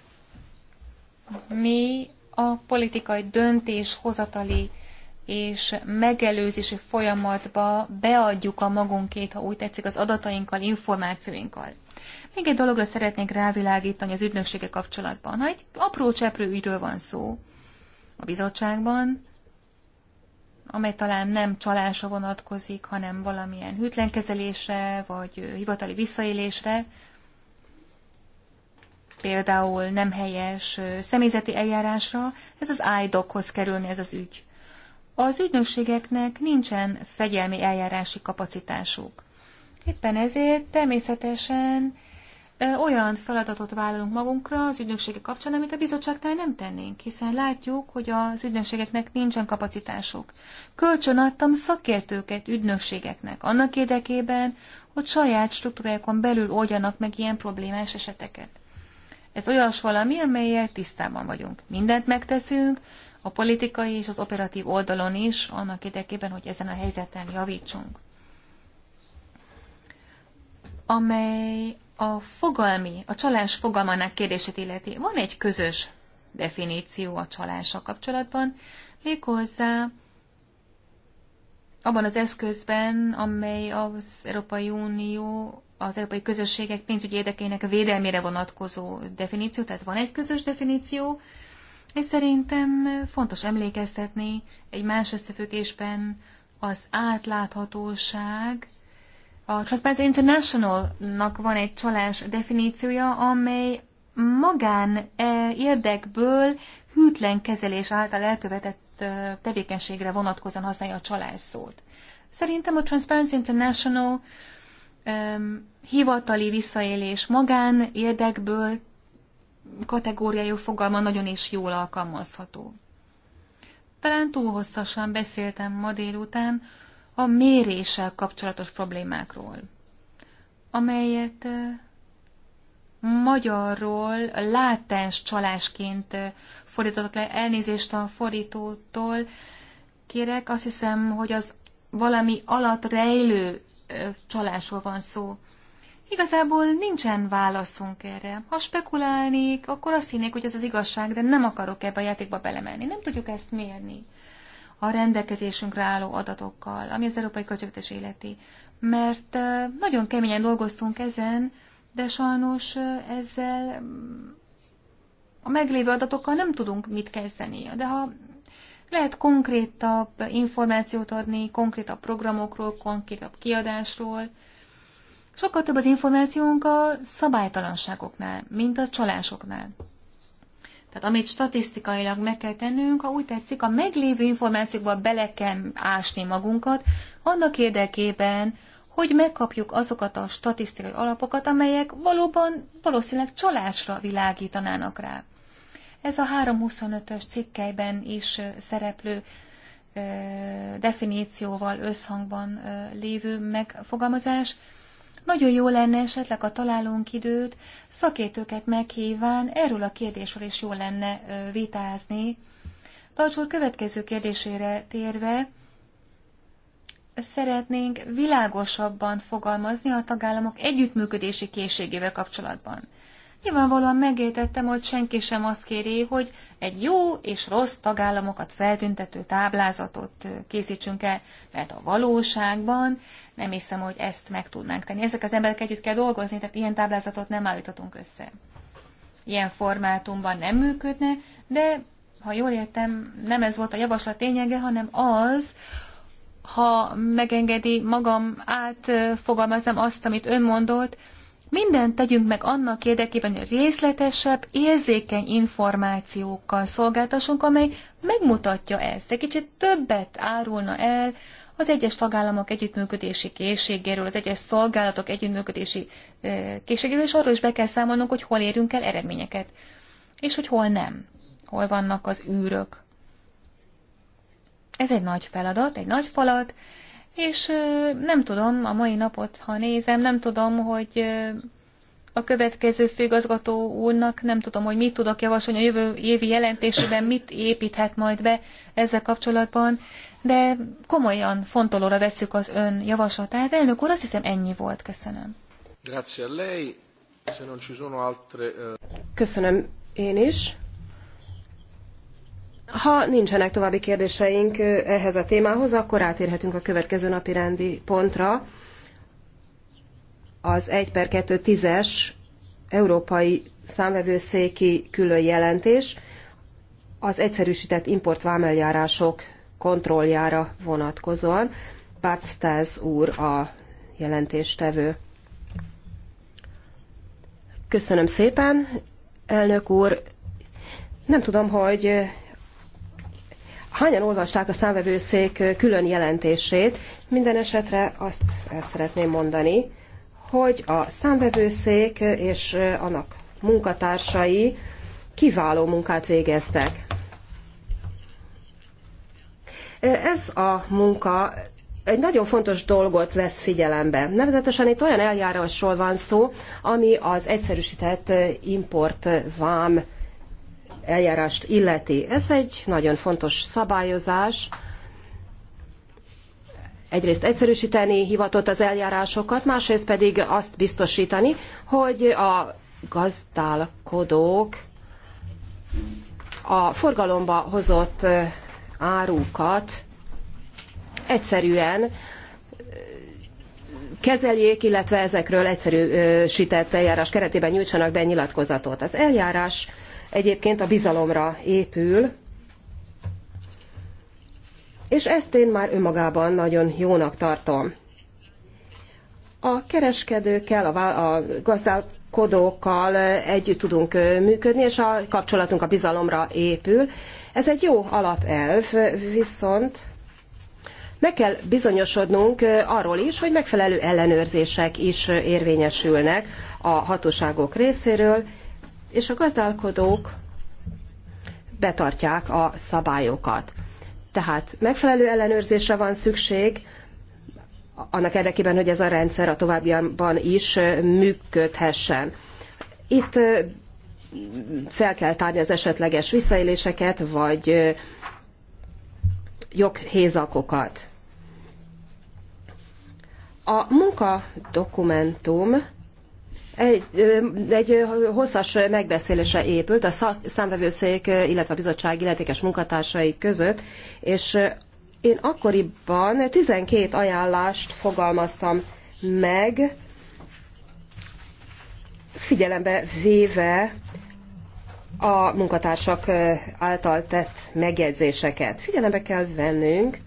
mi a politikai döntéshozatali és megelőzési folyamatba beadjuk a magunkét, ha úgy tetszik, az adatainkkal, információinkkal. Még egy dologra szeretnék rávilágítani az ügynöksége kapcsolatban. Ha egy apró cseprő ügyről van szó a bizottságban, amely talán nem csalásra vonatkozik, hanem valamilyen hűtlenkezelésre, vagy hivatali visszaélésre, például nem helyes személyzeti eljárásra, ez az IDOC-hoz kerülne ez az ügy. Az ügynökségeknek nincsen fegyelmi eljárási kapacitásuk. Éppen ezért természetesen olyan feladatot vállalunk magunkra az ügynökségek kapcsán, amit a bizottságnál nem tennénk, hiszen látjuk, hogy az ügynökségeknek nincsen kapacitásuk. Kölcsön adtam szakértőket ügynökségeknek, annak érdekében, hogy saját struktúrákon belül oldjanak meg ilyen problémás eseteket. Ez olyas valami, amelyel tisztában vagyunk. Mindent megteszünk, a politikai és az operatív oldalon is, annak érdekében, hogy ezen a helyzeten javítsunk amely a fogalmi, a csalás fogalmának kérdését illeti, van egy közös definíció a csalással kapcsolatban, méghozzá abban az eszközben, amely az Európai Unió, az Európai Közösségek pénzügyi érdekének védelmére vonatkozó definíció, tehát van egy közös definíció, és szerintem fontos emlékeztetni egy más összefüggésben az átláthatóság a Transparency International-nak van egy csalás definíciója, amely magán eh, érdekből hűtlen kezelés által elkövetett eh, tevékenységre vonatkozóan használja a csalás szót. Szerintem a Transparency International um, hivatali visszaélés magán érdekből kategóriájú fogalma nagyon is jól alkalmazható. Talán túl hosszasan beszéltem ma délután, a méréssel kapcsolatos problémákról, amelyet magyarról látás csalásként fordítottak le, elnézést a fordítótól kérek, azt hiszem, hogy az valami alatt rejlő csalásról van szó. Igazából nincsen válaszunk erre. Ha spekulálnék, akkor azt hinnék, hogy ez az igazság, de nem akarok ebbe a játékba belemenni. Nem tudjuk ezt mérni a rendelkezésünkre álló adatokkal, ami az európai költségvetés életi. Mert nagyon keményen dolgoztunk ezen, de sajnos ezzel a meglévő adatokkal nem tudunk mit kezdeni. De ha lehet konkrétabb információt adni, konkrétabb programokról, konkrétabb kiadásról, Sokkal több az információnk a szabálytalanságoknál, mint a csalásoknál. Tehát amit statisztikailag meg kell tennünk, ha úgy tetszik, a meglévő információkba bele kell ásni magunkat, annak érdekében, hogy megkapjuk azokat a statisztikai alapokat, amelyek valóban valószínűleg csalásra világítanának rá. Ez a 325-ös cikkelyben is szereplő definícióval összhangban lévő megfogalmazás, nagyon jó lenne esetleg a találónk időt, szakértőket meghíván, erről a kérdésről is jó lenne vitázni. Talcsor következő kérdésére térve, szeretnénk világosabban fogalmazni a tagállamok együttműködési készségével kapcsolatban. Nyilvánvalóan megértettem, hogy senki sem azt kéri, hogy egy jó és rossz tagállamokat feltüntető táblázatot készítsünk el, mert a valóságban nem hiszem, hogy ezt meg tudnánk tenni. Ezek az emberek együtt kell dolgozni, tehát ilyen táblázatot nem állíthatunk össze. Ilyen formátumban nem működne, de ha jól értem, nem ez volt a javaslat lényege, hanem az, ha megengedi magam átfogalmazom azt, amit ön mondott, Mindent tegyünk meg annak érdekében, hogy részletesebb, érzékeny információkkal szolgáltassunk, amely megmutatja ezt, egy kicsit többet árulna el az egyes tagállamok együttműködési készségéről, az egyes szolgálatok együttműködési készségéről, és arról is be kell számolnunk, hogy hol érünk el eredményeket, és hogy hol nem, hol vannak az űrök. Ez egy nagy feladat, egy nagy falat, és nem tudom, a mai napot, ha nézem, nem tudom, hogy a következő főgazgató úrnak nem tudom, hogy mit tudok javasolni a jövő évi jelentésében, mit építhet majd be ezzel kapcsolatban, de komolyan fontolóra veszük az ön javaslatát. Elnök úr, azt hiszem ennyi volt. Köszönöm. Köszönöm én is. Ha nincsenek további kérdéseink ehhez a témához, akkor átérhetünk a következő napi rendi pontra. Az 1 per 2 10-es európai számvevőszéki külön jelentés az egyszerűsített importvámeljárások kontrolljára vonatkozóan. Bart Stas úr a jelentéstevő. Köszönöm szépen, elnök úr. Nem tudom, hogy Hányan olvasták a számvevőszék külön jelentését? Minden esetre azt el szeretném mondani, hogy a számvevőszék és annak munkatársai kiváló munkát végeztek. Ez a munka egy nagyon fontos dolgot vesz figyelembe. Nevezetesen itt olyan eljárásról van szó, ami az egyszerűsített import vám eljárást illeti. Ez egy nagyon fontos szabályozás. Egyrészt egyszerűsíteni hivatott az eljárásokat, másrészt pedig azt biztosítani, hogy a gazdálkodók a forgalomba hozott árukat egyszerűen kezeljék, illetve ezekről egyszerűsített eljárás keretében nyújtsanak be nyilatkozatot. Az eljárás egyébként a bizalomra épül, és ezt én már önmagában nagyon jónak tartom. A kereskedőkkel, a, a gazdálkodókkal együtt tudunk működni, és a kapcsolatunk a bizalomra épül. Ez egy jó alapelv, viszont meg kell bizonyosodnunk arról is, hogy megfelelő ellenőrzések is érvényesülnek a hatóságok részéről, és a gazdálkodók betartják a szabályokat. Tehát megfelelő ellenőrzésre van szükség, annak érdekében, hogy ez a rendszer a továbbiakban is működhessen. Itt fel kell tárni az esetleges visszaéléseket, vagy joghézakokat. A munkadokumentum egy, egy hosszas megbeszélése épült a számvevőszék, illetve a bizottság illetékes munkatársai között, és én akkoriban 12 ajánlást fogalmaztam meg, figyelembe véve a munkatársak által tett megjegyzéseket. Figyelembe kell vennünk,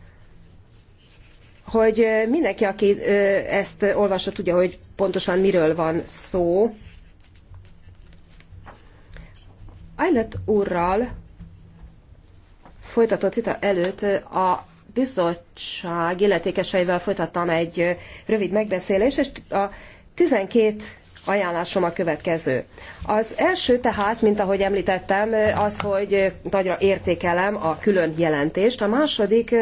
hogy mindenki, aki ezt olvassa, tudja, hogy pontosan miről van szó. Eilert úrral folytatott vita előtt a bizottság illetékeseivel folytattam egy rövid megbeszélést, és a 12 ajánlásom a következő. Az első tehát, mint ahogy említettem, az, hogy nagyra értékelem a külön jelentést. A második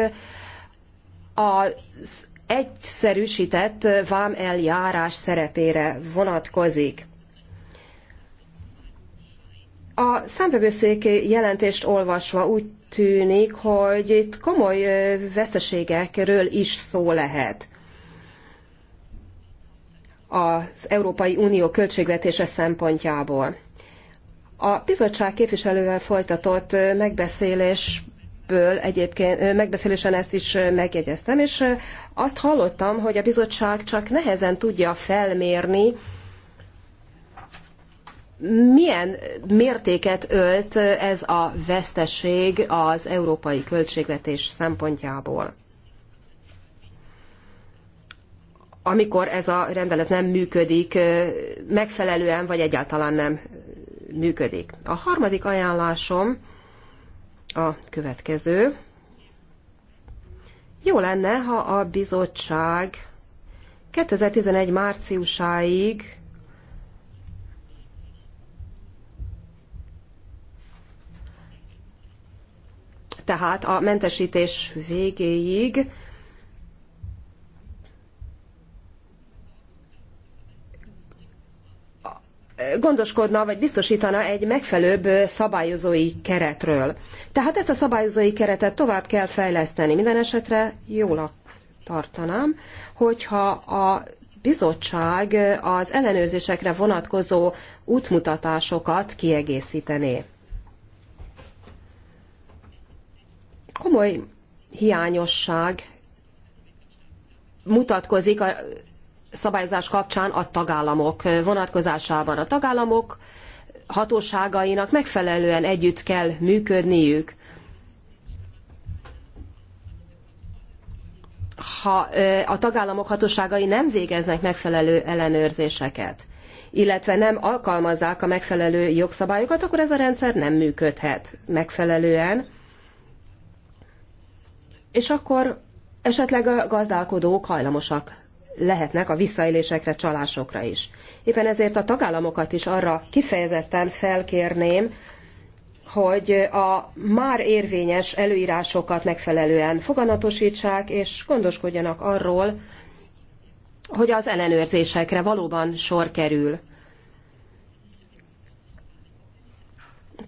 az egyszerűsített vámeljárás szerepére vonatkozik. A számvevőszék jelentést olvasva úgy tűnik, hogy itt komoly veszteségekről is szó lehet az Európai Unió költségvetése szempontjából. A bizottság képviselővel folytatott megbeszélés ebből egyébként megbeszélésen ezt is megjegyeztem, és azt hallottam, hogy a bizottság csak nehezen tudja felmérni, milyen mértéket ölt ez a veszteség az európai költségvetés szempontjából? Amikor ez a rendelet nem működik megfelelően, vagy egyáltalán nem működik. A harmadik ajánlásom a következő. Jó lenne, ha a bizottság 2011 márciusáig tehát a mentesítés végéig gondoskodna, vagy biztosítana egy megfelelőbb szabályozói keretről. Tehát ezt a szabályozói keretet tovább kell fejleszteni. Minden esetre jól tartanám, hogyha a bizottság az ellenőrzésekre vonatkozó útmutatásokat kiegészítené. Komoly hiányosság mutatkozik a szabályozás kapcsán a tagállamok vonatkozásában. A tagállamok hatóságainak megfelelően együtt kell működniük. Ha a tagállamok hatóságai nem végeznek megfelelő ellenőrzéseket, illetve nem alkalmazzák a megfelelő jogszabályokat, akkor ez a rendszer nem működhet megfelelően. És akkor esetleg a gazdálkodók hajlamosak lehetnek a visszaélésekre, csalásokra is. Éppen ezért a tagállamokat is arra kifejezetten felkérném, hogy a már érvényes előírásokat megfelelően foganatosítsák, és gondoskodjanak arról, hogy az ellenőrzésekre valóban sor kerül.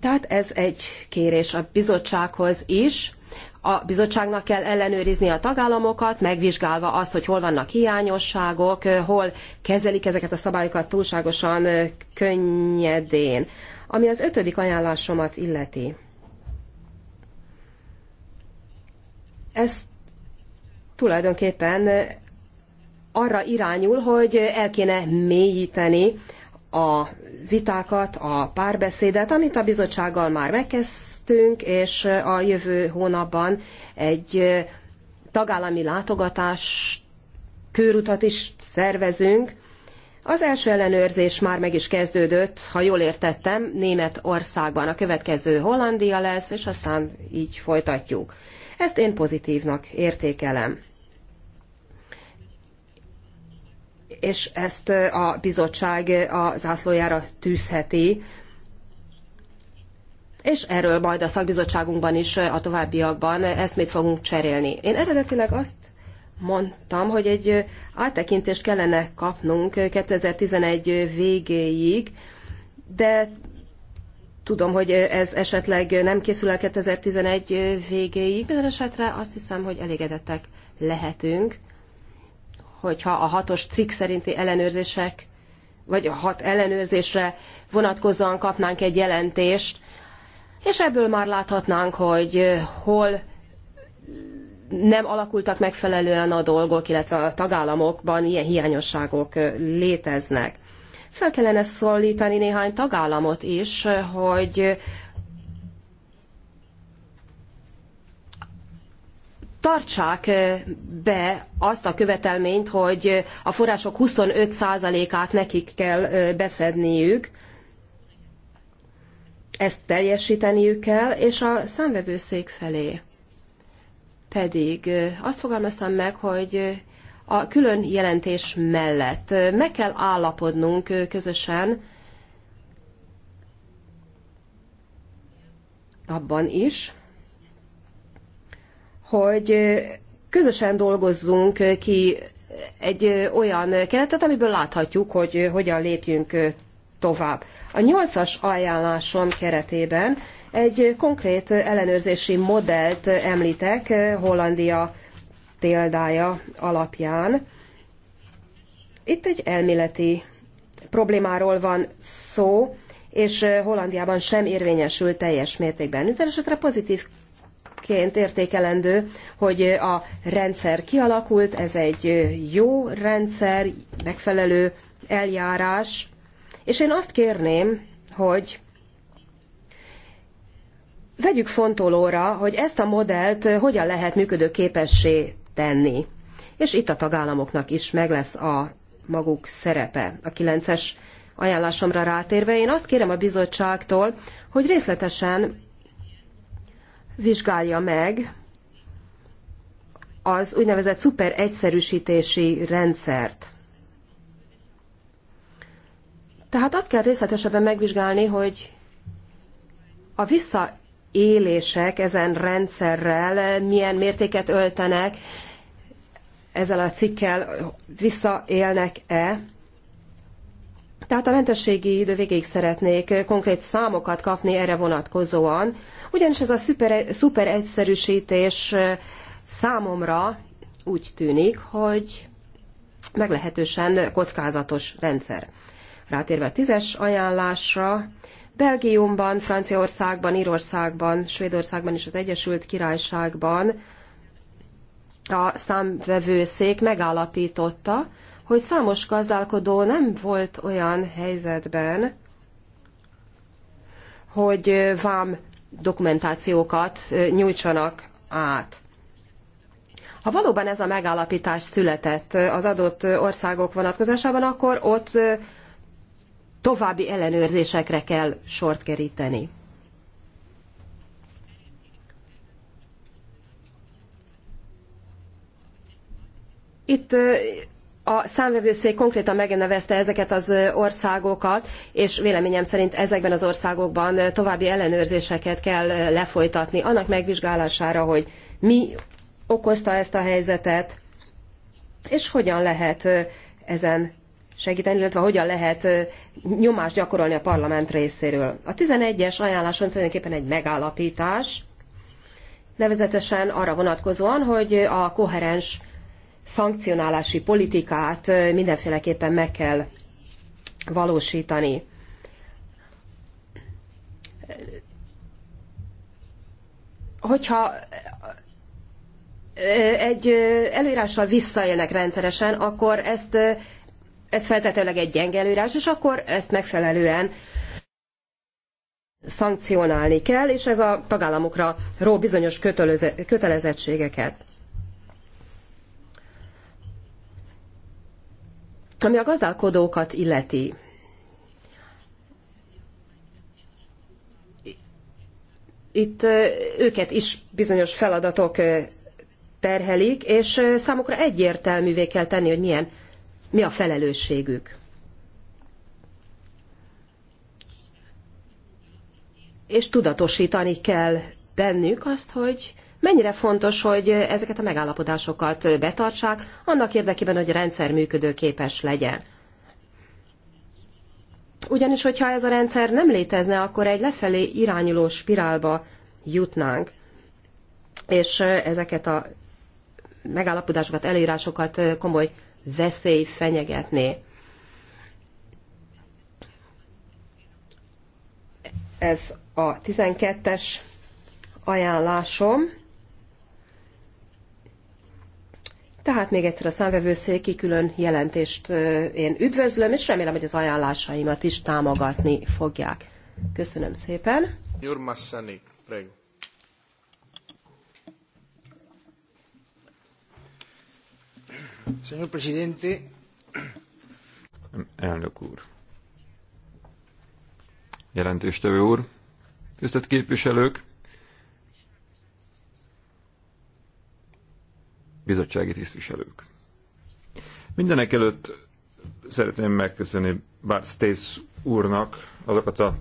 Tehát ez egy kérés a bizottsághoz is, a bizottságnak kell ellenőrizni a tagállamokat, megvizsgálva azt, hogy hol vannak hiányosságok, hol kezelik ezeket a szabályokat túlságosan könnyedén. Ami az ötödik ajánlásomat illeti. Ez tulajdonképpen arra irányul, hogy el kéne mélyíteni a vitákat, a párbeszédet, amit a bizottsággal már megkezd, tettünk, és a jövő hónapban egy tagállami látogatás körutat is szervezünk. Az első ellenőrzés már meg is kezdődött, ha jól értettem, Németországban. A következő Hollandia lesz, és aztán így folytatjuk. Ezt én pozitívnak értékelem. És ezt a bizottság a zászlójára tűzheti, és erről majd a szakbizottságunkban is a továbbiakban eszmét fogunk cserélni. Én eredetileg azt mondtam, hogy egy áttekintést kellene kapnunk 2011 végéig, de tudom, hogy ez esetleg nem készül el 2011 végéig, minden esetre azt hiszem, hogy elégedettek lehetünk, hogyha a hatos cikk szerinti ellenőrzések, vagy a hat ellenőrzésre vonatkozóan kapnánk egy jelentést, és ebből már láthatnánk, hogy eh, hol nem alakultak megfelelően a dolgok, illetve a tagállamokban milyen hiányosságok eh, léteznek. Fel kellene szólítani néhány tagállamot is, eh, hogy tartsák be azt a követelményt, hogy a források 25%-át nekik kell beszedniük, ezt teljesíteniük kell, és a számvevőszék felé pedig azt fogalmaztam meg, hogy a külön jelentés mellett meg kell állapodnunk közösen abban is, hogy közösen dolgozzunk ki egy olyan keretet, amiből láthatjuk, hogy hogyan lépjünk tovább. A nyolcas ajánlásom keretében egy konkrét ellenőrzési modellt említek eh, Hollandia példája alapján. Itt egy elméleti problémáról van szó, és eh, Hollandiában sem érvényesül teljes mértékben. Mindenesetre pozitív ként értékelendő, hogy eh, a rendszer kialakult, ez egy jó rendszer, megfelelő eljárás, és én azt kérném, hogy vegyük fontolóra, hogy ezt a modellt hogyan lehet működőképessé tenni. És itt a tagállamoknak is meg lesz a maguk szerepe. A kilences ajánlásomra rátérve én azt kérem a bizottságtól, hogy részletesen vizsgálja meg az úgynevezett szuper egyszerűsítési rendszert. Tehát azt kell részletesebben megvizsgálni, hogy a visszaélések ezen rendszerrel milyen mértéket öltenek, ezzel a cikkel visszaélnek-e. Tehát a mentességi idő végéig szeretnék konkrét számokat kapni erre vonatkozóan, ugyanis ez a szuper, szuper egyszerűsítés számomra úgy tűnik, hogy meglehetősen kockázatos rendszer. Rátérve a tízes ajánlásra, Belgiumban, Franciaországban, Írországban, Svédországban és az Egyesült Királyságban a számvevőszék megállapította, hogy számos gazdálkodó nem volt olyan helyzetben, hogy vám dokumentációkat nyújtsanak át. Ha valóban ez a megállapítás született az adott országok vonatkozásában, akkor ott további ellenőrzésekre kell sort keríteni. Itt a számvevőszék konkrétan megnevezte ezeket az országokat, és véleményem szerint ezekben az országokban további ellenőrzéseket kell lefolytatni, annak megvizsgálására, hogy mi okozta ezt a helyzetet, és hogyan lehet ezen segíteni, illetve hogyan lehet nyomást gyakorolni a parlament részéről. A 11-es ajánláson tulajdonképpen egy megállapítás, nevezetesen arra vonatkozóan, hogy a koherens szankcionálási politikát mindenféleképpen meg kell valósítani. Hogyha egy előírással visszaélnek rendszeresen, akkor ezt ez feltetőleg egy gyenge és akkor ezt megfelelően szankcionálni kell, és ez a tagállamokra ró bizonyos kötelezettségeket. Ami a gazdálkodókat illeti, itt őket is bizonyos feladatok terhelik, és számukra egyértelművé kell tenni, hogy milyen mi a felelősségük. És tudatosítani kell bennük azt, hogy mennyire fontos, hogy ezeket a megállapodásokat betartsák, annak érdekében, hogy a rendszer működőképes legyen. Ugyanis, hogyha ez a rendszer nem létezne, akkor egy lefelé irányuló spirálba jutnánk, és ezeket a megállapodásokat, elírásokat komoly veszély fenyegetné. Ez a 12-es ajánlásom. Tehát még egyszer a számvevőszéki külön jelentést én üdvözlöm, és remélem, hogy az ajánlásaimat is támogatni fogják. Köszönöm szépen. Jurmasszani, prego. Señor presidente. Elnök úr. Jelentéstevő úr. Tisztelt képviselők. Bizottsági tisztviselők. Mindenek előtt szeretném megköszönni Bart Stace úrnak azokat a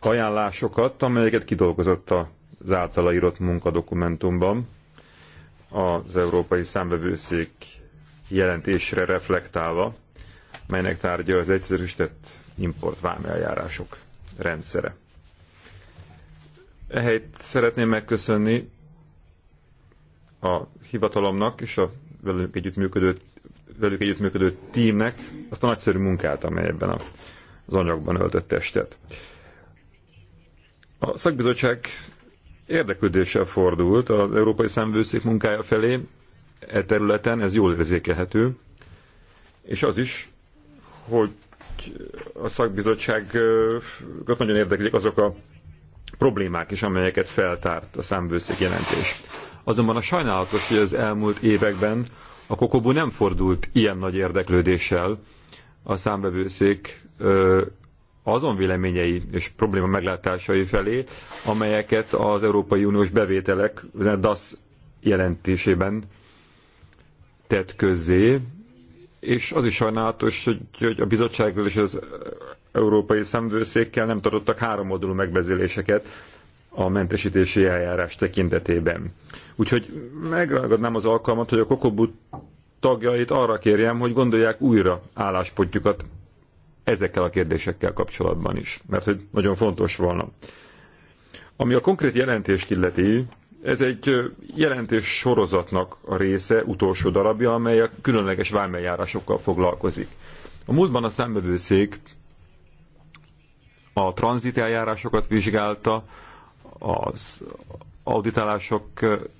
ajánlásokat, amelyeket kidolgozott az általa írott munkadokumentumban az Európai Számbevőszék jelentésre reflektálva, melynek tárgya az egyszerűsített importvámeljárások rendszere. Ehelyt szeretném megköszönni a hivatalomnak és a velük együttműködő, velük együttműködő tímnek azt a nagyszerű munkát, amely ebben az anyagban öltött testet. A szakbizottság érdeklődéssel fordult az Európai Számvőszék munkája felé e területen, ez jól érzékelhető, és az is, hogy a szakbizottságot nagyon érdeklik azok a problémák is, amelyeket feltárt a számvőszék jelentés. Azonban a sajnálatos, hogy az elmúlt években a Kokobu nem fordult ilyen nagy érdeklődéssel a számvevőszék azon véleményei és probléma meglátásai felé, amelyeket az Európai Uniós bevételek, a DAS jelentésében tett közzé, és az is sajnálatos, hogy, hogy a bizottságról és az európai szemvőszékkel nem tartottak háromoldalú megbeszéléseket a mentesítési eljárás tekintetében. Úgyhogy megragadnám az alkalmat, hogy a Kokobut tagjait arra kérjem, hogy gondolják újra álláspontjukat ezekkel a kérdésekkel kapcsolatban is, mert hogy nagyon fontos volna. Ami a konkrét jelentést illeti, ez egy jelentés sorozatnak a része, utolsó darabja, amely a különleges vámeljárásokkal foglalkozik. A múltban a szembevőszék a eljárásokat vizsgálta, az auditálások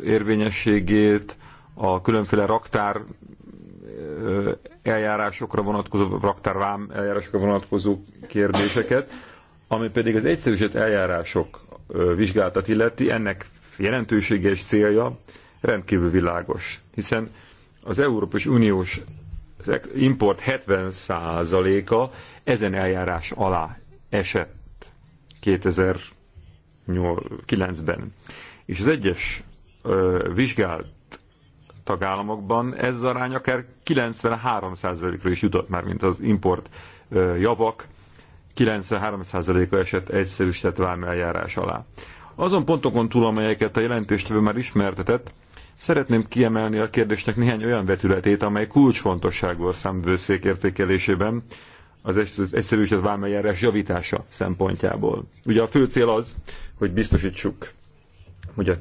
érvényességét, a különféle raktár eljárásokra vonatkozó, raktárvám eljárásokra vonatkozó kérdéseket, ami pedig az egyszerűsített eljárások vizsgálatát illeti, ennek jelentősége és célja rendkívül világos, hiszen az Európai Uniós import 70%-a ezen eljárás alá esett 2009-ben. És az egyes vizsgált tagállamokban ez arány akár 93%-ra is jutott már, mint az import javak 93%-a esett egyszerűsített eljárás alá. Azon pontokon túl, amelyeket a jelentéstevő már ismertetett, szeretném kiemelni a kérdésnek néhány olyan vetületét, amely kulcsfontosságú a számvőszék értékelésében, az egyszerűsített vámeljárás javítása szempontjából. Ugye a fő cél az, hogy biztosítsuk, hogy a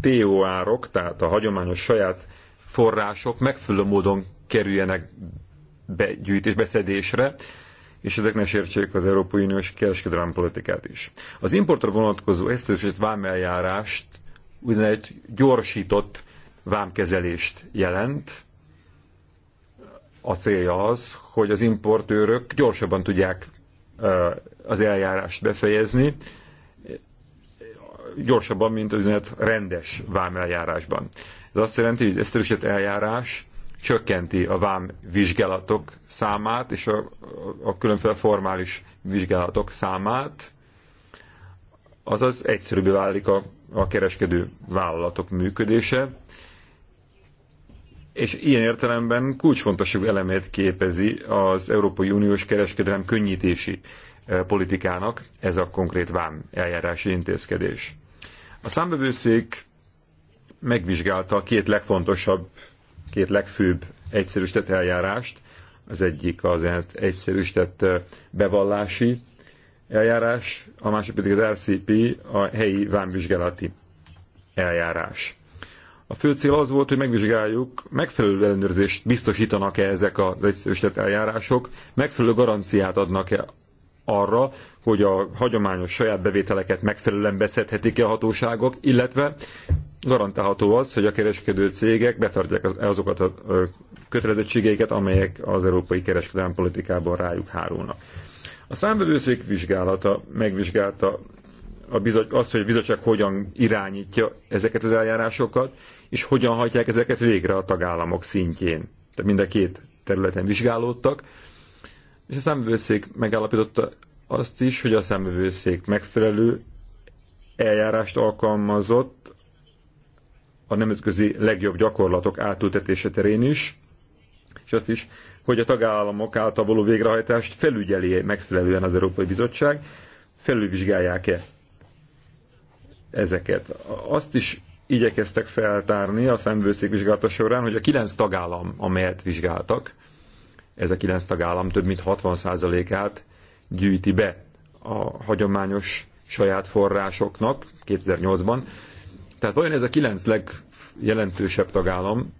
TO árok, tehát a hagyományos saját források megfelelő módon kerüljenek begyűjtés, beszedésre, és ezek ne sértsék az Európai Uniós kereskedelmi politikát is. Az importra vonatkozó esztősített vámeljárást úgynevezett gyorsított vámkezelést jelent. A célja az, hogy az importőrök gyorsabban tudják az eljárást befejezni, gyorsabban, mint az üzenet rendes vámeljárásban. Ez azt jelenti, hogy az erősített eljárás csökkenti a vám vizsgálatok számát és a, a különféle formális vizsgálatok számát, azaz egyszerűbbé válik a, a kereskedő vállalatok működése, és ilyen értelemben kulcsfontosabb elemét képezi az Európai Uniós kereskedelem könnyítési politikának ez a konkrét vám eljárási intézkedés. A számbevőszék megvizsgálta a két legfontosabb, két legfőbb egyszerűsített eljárást. Az egyik az egyszerűsített bevallási eljárás, a másik pedig az RCP, a helyi vámvizsgálati eljárás. A fő cél az volt, hogy megvizsgáljuk, megfelelő ellenőrzést biztosítanak-e ezek az egyszerűsített eljárások, megfelelő garanciát adnak-e arra, hogy a hagyományos saját bevételeket megfelelően beszedhetik-e a hatóságok, illetve garantálható az, hogy a kereskedő cégek betartják az, azokat a kötelezettségeiket, amelyek az európai kereskedelmi politikában rájuk hárulnak. A számvevőszék vizsgálata megvizsgálta a bizony, azt, hogy a bizottság hogyan irányítja ezeket az eljárásokat, és hogyan hajtják ezeket végre a tagállamok szintjén. Tehát mind a két területen vizsgálódtak és a szemvőszék megállapította azt is, hogy a szemvőszék megfelelő eljárást alkalmazott a nemzetközi legjobb gyakorlatok átültetése terén is, és azt is, hogy a tagállamok által való végrehajtást felügyeli megfelelően az Európai Bizottság, felülvizsgálják-e ezeket. Azt is igyekeztek feltárni a szemvőszék vizsgálata során, hogy a kilenc tagállam, amelyet vizsgáltak, ez a kilenc tagállam több mint 60%-át gyűjti be a hagyományos saját forrásoknak 2008-ban. Tehát vajon ez a kilenc legjelentősebb tagállam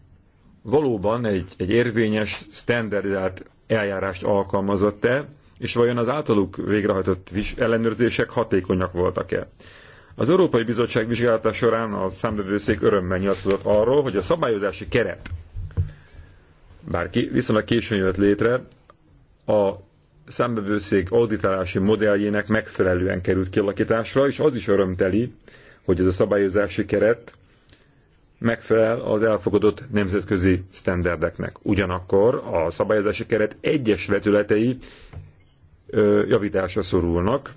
valóban egy, egy érvényes, standardizált eljárást alkalmazott-e, és vajon az általuk végrehajtott ellenőrzések hatékonyak voltak-e? Az Európai Bizottság vizsgálata során a számbevőszék örömmel nyilatkozott arról, hogy a szabályozási keret bár viszonylag későn jött létre, a számbevőszék auditálási modelljének megfelelően került kialakításra, és az is örömteli, hogy ez a szabályozási keret megfelel az elfogadott nemzetközi sztenderdeknek. Ugyanakkor a szabályozási keret egyes vetületei ö, javításra szorulnak.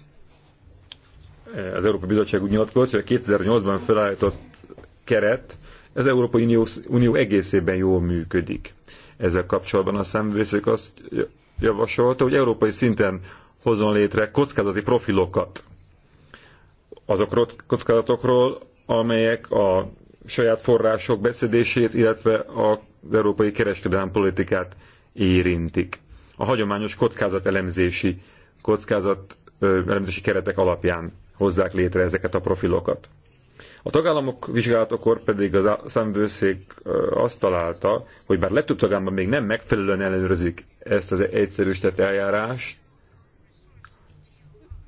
Az Európai Bizottság úgy nyilatkozott, hogy a 2008-ban felállított keret az Európai Unió, Unió egészében jól működik. Ezzel kapcsolatban a szemvészek azt javasolta, hogy európai szinten hozzon létre kockázati profilokat azokról kockázatokról, amelyek a saját források beszedését, illetve az európai kereskedelmi politikát érintik. A hagyományos elemzési kockázat elemzési keretek alapján hozzák létre ezeket a profilokat. A tagállamok vizsgálatokor pedig a számvőszék azt találta, hogy bár legtöbb tagállamban még nem megfelelően ellenőrzik ezt az egyszerűsített eljárást,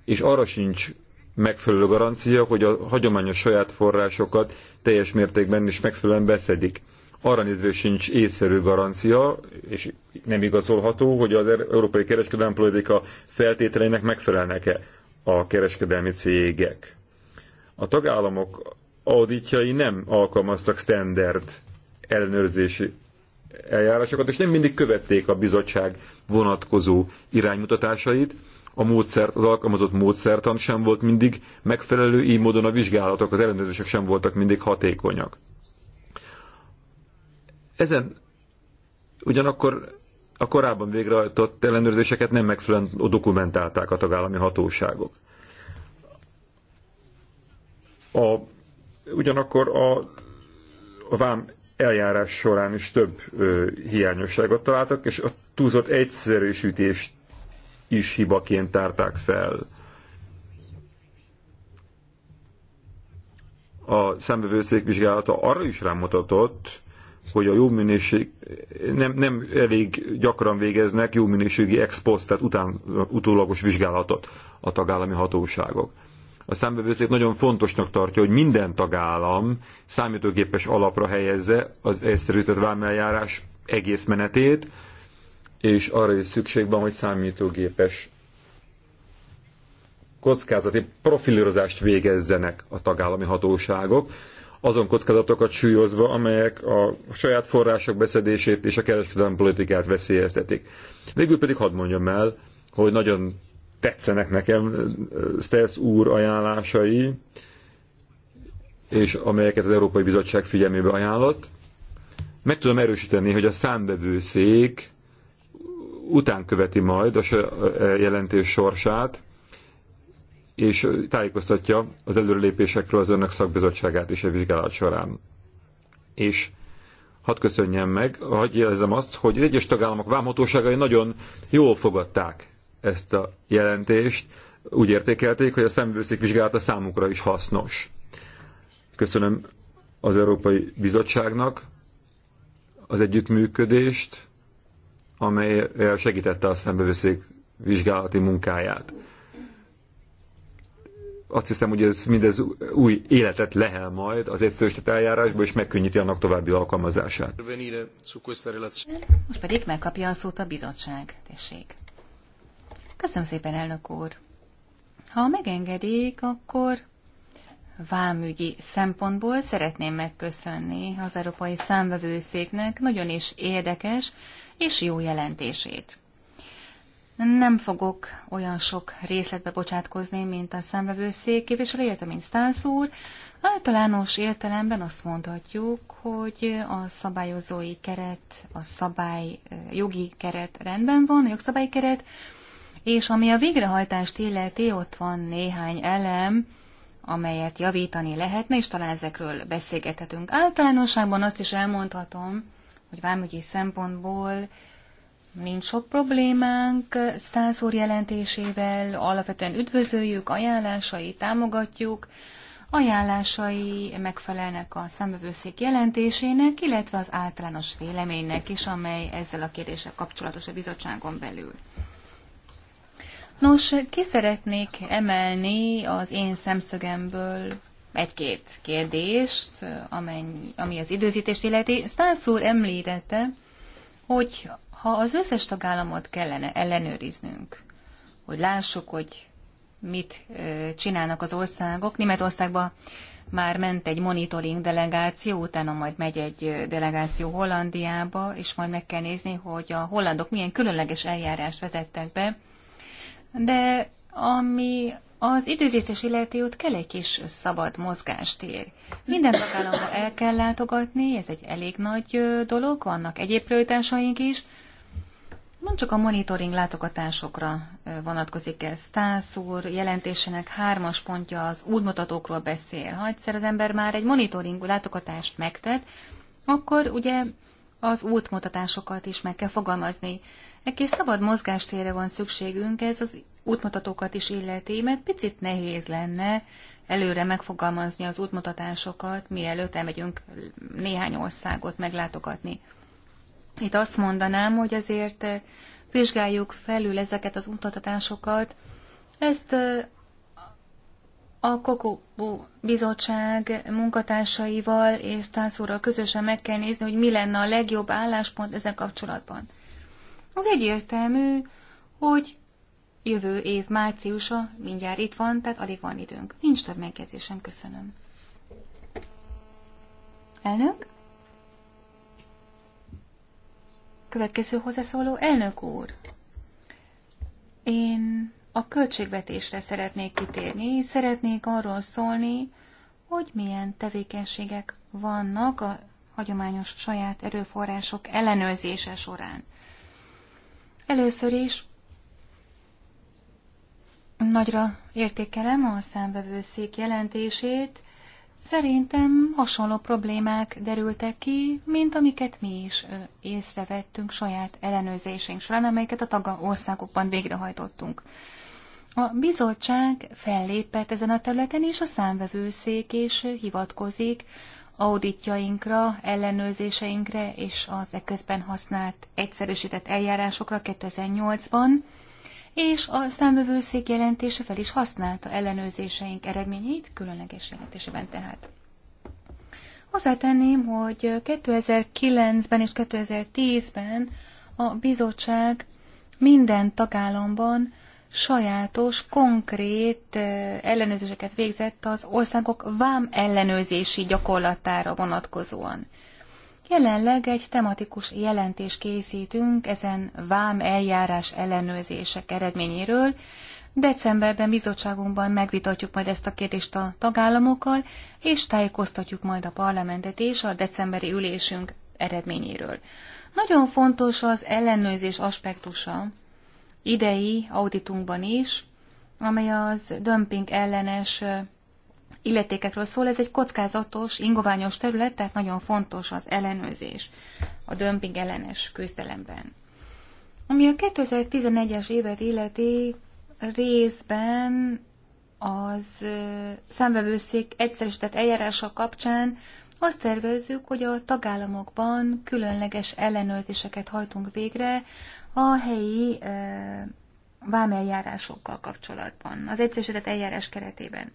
és arra sincs megfelelő garancia, hogy a hagyományos saját forrásokat teljes mértékben is megfelelően beszedik. Arra nézve sincs észszerű garancia, és nem igazolható, hogy az er- európai kereskedelmi politika feltételeinek megfelelnek-e a kereskedelmi cégek. A tagállamok auditjai nem alkalmaztak standard ellenőrzési eljárásokat, és nem mindig követték a bizottság vonatkozó iránymutatásait. A módszert, az alkalmazott módszertan sem volt mindig megfelelő, így módon a vizsgálatok, az ellenőrzések sem voltak mindig hatékonyak. Ezen ugyanakkor a korábban végrehajtott ellenőrzéseket nem megfelelően dokumentálták a tagállami hatóságok. A, ugyanakkor a, a vám eljárás során is több ö, hiányosságot találtak, és a túlzott egyszerűsítést is hibaként tárták fel. A szembevőszék vizsgálata arra is rámutatott, hogy a jó minőség nem, nem elég gyakran végeznek jó minőségi ex tehát után, utólagos vizsgálatot a tagállami hatóságok a számbevőszék nagyon fontosnak tartja, hogy minden tagállam számítógépes alapra helyezze az egyszerűtett vámeljárás egész menetét, és arra is szükség van, hogy számítógépes kockázati profilírozást végezzenek a tagállami hatóságok, azon kockázatokat súlyozva, amelyek a saját források beszedését és a kereskedelmi politikát veszélyeztetik. Végül pedig hadd mondjam el, hogy nagyon tetszenek nekem Stelz úr ajánlásai, és amelyeket az Európai Bizottság figyelmébe ajánlott. Meg tudom erősíteni, hogy a számbevőszék után követi majd a e, jelentés sorsát, és tájékoztatja az előrelépésekről az önök szakbizottságát is a vizsgálat során. És hadd köszönjem meg, hagyj jelzem azt, hogy egyes tagállamok vámhatóságai nagyon jól fogadták ezt a jelentést, úgy értékelték, hogy a szemvőszék vizsgálata számukra is hasznos. Köszönöm az Európai Bizottságnak az együttműködést, amely segítette a szemvőszék vizsgálati munkáját. Azt hiszem, hogy ez mindez új életet lehel majd az egyszerűsített eljárásba, és megkönnyíti annak további alkalmazását. Most pedig megkapja a szót a bizottság. Tessék. Köszönöm szépen, elnök úr. Ha megengedik, akkor vámügyi szempontból szeretném megköszönni az Európai Számvevőszéknek nagyon is érdekes és jó jelentését. Nem fogok olyan sok részletbe bocsátkozni, mint a számvevőszék képviselő, illetve mint Stász úr. Általános értelemben azt mondhatjuk, hogy a szabályozói keret, a szabály, eh, jogi keret rendben van, a jogszabályi keret, és ami a végrehajtást illeti, ott van néhány elem, amelyet javítani lehetne, és talán ezekről beszélgethetünk. Általánosságban azt is elmondhatom, hogy vámügyi szempontból nincs sok problémánk Stász úr jelentésével, alapvetően üdvözöljük, ajánlásai támogatjuk, ajánlásai megfelelnek a szembevőszék jelentésének, illetve az általános véleménynek is, amely ezzel a kérdéssel kapcsolatos a bizottságon belül. Nos, ki szeretnék emelni az én szemszögemből egy-két kérdést, amely ami az időzítést illeti. Stász úr említette, hogy ha az összes tagállamot kellene ellenőriznünk, hogy lássuk, hogy mit csinálnak az országok. Németországba már ment egy monitoring delegáció, utána majd megy egy delegáció Hollandiába, és majd meg kell nézni, hogy a hollandok milyen különleges eljárást vezettek be, de ami az időzítés illeti út kell egy kis szabad mozgástér. Minden tagállamba el kell látogatni, ez egy elég nagy dolog, vannak egyéb prioritásaink is. Nem csak a monitoring látogatásokra vonatkozik ez. Stász úr jelentésének hármas pontja az útmutatókról beszél. Ha egyszer az ember már egy monitoring látogatást megtett, akkor ugye az útmutatásokat is meg kell fogalmazni. Egész szabad mozgástérre van szükségünk, ez az útmutatókat is illeti, mert picit nehéz lenne előre megfogalmazni az útmutatásokat, mielőtt elmegyünk néhány országot meglátogatni. Itt azt mondanám, hogy azért eh, vizsgáljuk felül ezeket az útmutatásokat. Ezt eh, a Kokó Bizottság munkatársaival és Tászóra közösen meg kell nézni, hogy mi lenne a legjobb álláspont ezen kapcsolatban. Az egyértelmű, hogy jövő év márciusa mindjárt itt van, tehát alig van időnk. Nincs több megjegyzésem, köszönöm. Elnök? Következő hozzászóló elnök úr. Én a költségvetésre szeretnék kitérni, szeretnék arról szólni, hogy milyen tevékenységek vannak a hagyományos saját erőforrások ellenőrzése során. Először is nagyra értékelem a számbevőszék jelentését. Szerintem hasonló problémák derültek ki, mint amiket mi is észrevettünk saját ellenőrzésénk során, amelyeket a tagországokban végrehajtottunk. A bizottság fellépett ezen a területen, és a számvevőszék is hivatkozik auditjainkra, ellenőrzéseinkre és az eközben használt egyszerűsített eljárásokra 2008-ban, és a számövőszék jelentése fel is használta ellenőrzéseink eredményeit, különleges jelentésében tehát. Hozzátenném, hogy 2009-ben és 2010-ben a bizottság minden tagállamban sajátos, konkrét ellenőrzéseket végzett az országok vám ellenőrzési gyakorlatára vonatkozóan. Jelenleg egy tematikus jelentést készítünk ezen vám eljárás ellenőrzések eredményéről. Decemberben bizottságunkban megvitatjuk majd ezt a kérdést a tagállamokkal, és tájékoztatjuk majd a parlamentet és a decemberi ülésünk eredményéről. Nagyon fontos az ellenőrzés aspektusa idei auditunkban is, amely az dömping ellenes illetékekről szól. Ez egy kockázatos, ingoványos terület, tehát nagyon fontos az ellenőrzés a dömping ellenes küzdelemben. Ami a 2011-es évet illeti részben az számvevőszék egyszerűsített eljárása kapcsán azt tervezzük, hogy a tagállamokban különleges ellenőrzéseket hajtunk végre a helyi vámeljárásokkal kapcsolatban, az egyszerűsített eljárás keretében.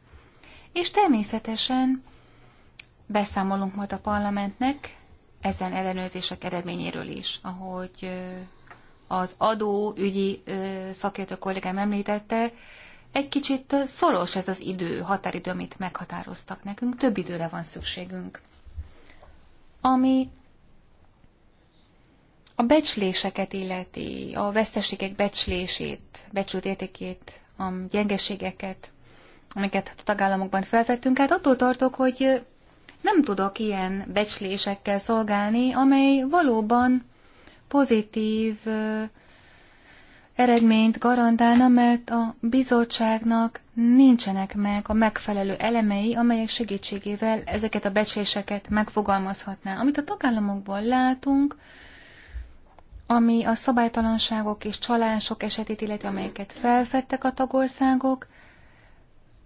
És természetesen beszámolunk majd a parlamentnek ezen ellenőrzések eredményéről is, ahogy az adóügyi szakértő kollégám említette, egy kicsit szoros ez az idő, határidő, amit meghatároztak nekünk, több időre van szükségünk. Ami a becsléseket illeti, a veszteségek becslését, becsült értékét, a gyengeségeket, amiket a tagállamokban felvettünk, hát attól tartok, hogy nem tudok ilyen becslésekkel szolgálni, amely valóban pozitív eredményt garantálna, mert a bizottságnak nincsenek meg a megfelelő elemei, amelyek segítségével ezeket a becsléseket megfogalmazhatná. Amit a tagállamokból látunk, ami a szabálytalanságok és csalások esetét illeti, amelyeket felfedtek a tagországok.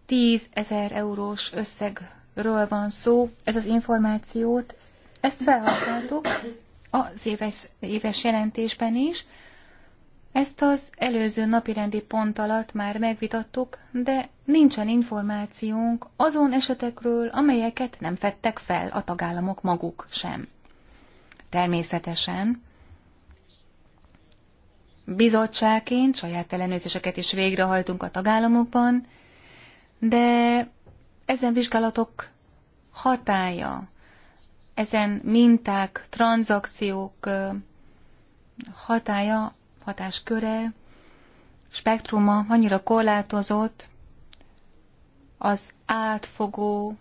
10 ezer eurós összegről van szó, ez az információt. Ezt felhasználtuk az éves, éves jelentésben is. Ezt az előző napirendi pont alatt már megvitattuk, de nincsen információnk azon esetekről, amelyeket nem fettek fel a tagállamok maguk sem. Természetesen bizottságként saját ellenőrzéseket is végrehajtunk a tagállamokban, de ezen vizsgálatok hatája, ezen minták, tranzakciók hatája, hatásköre, spektruma annyira korlátozott, az átfogó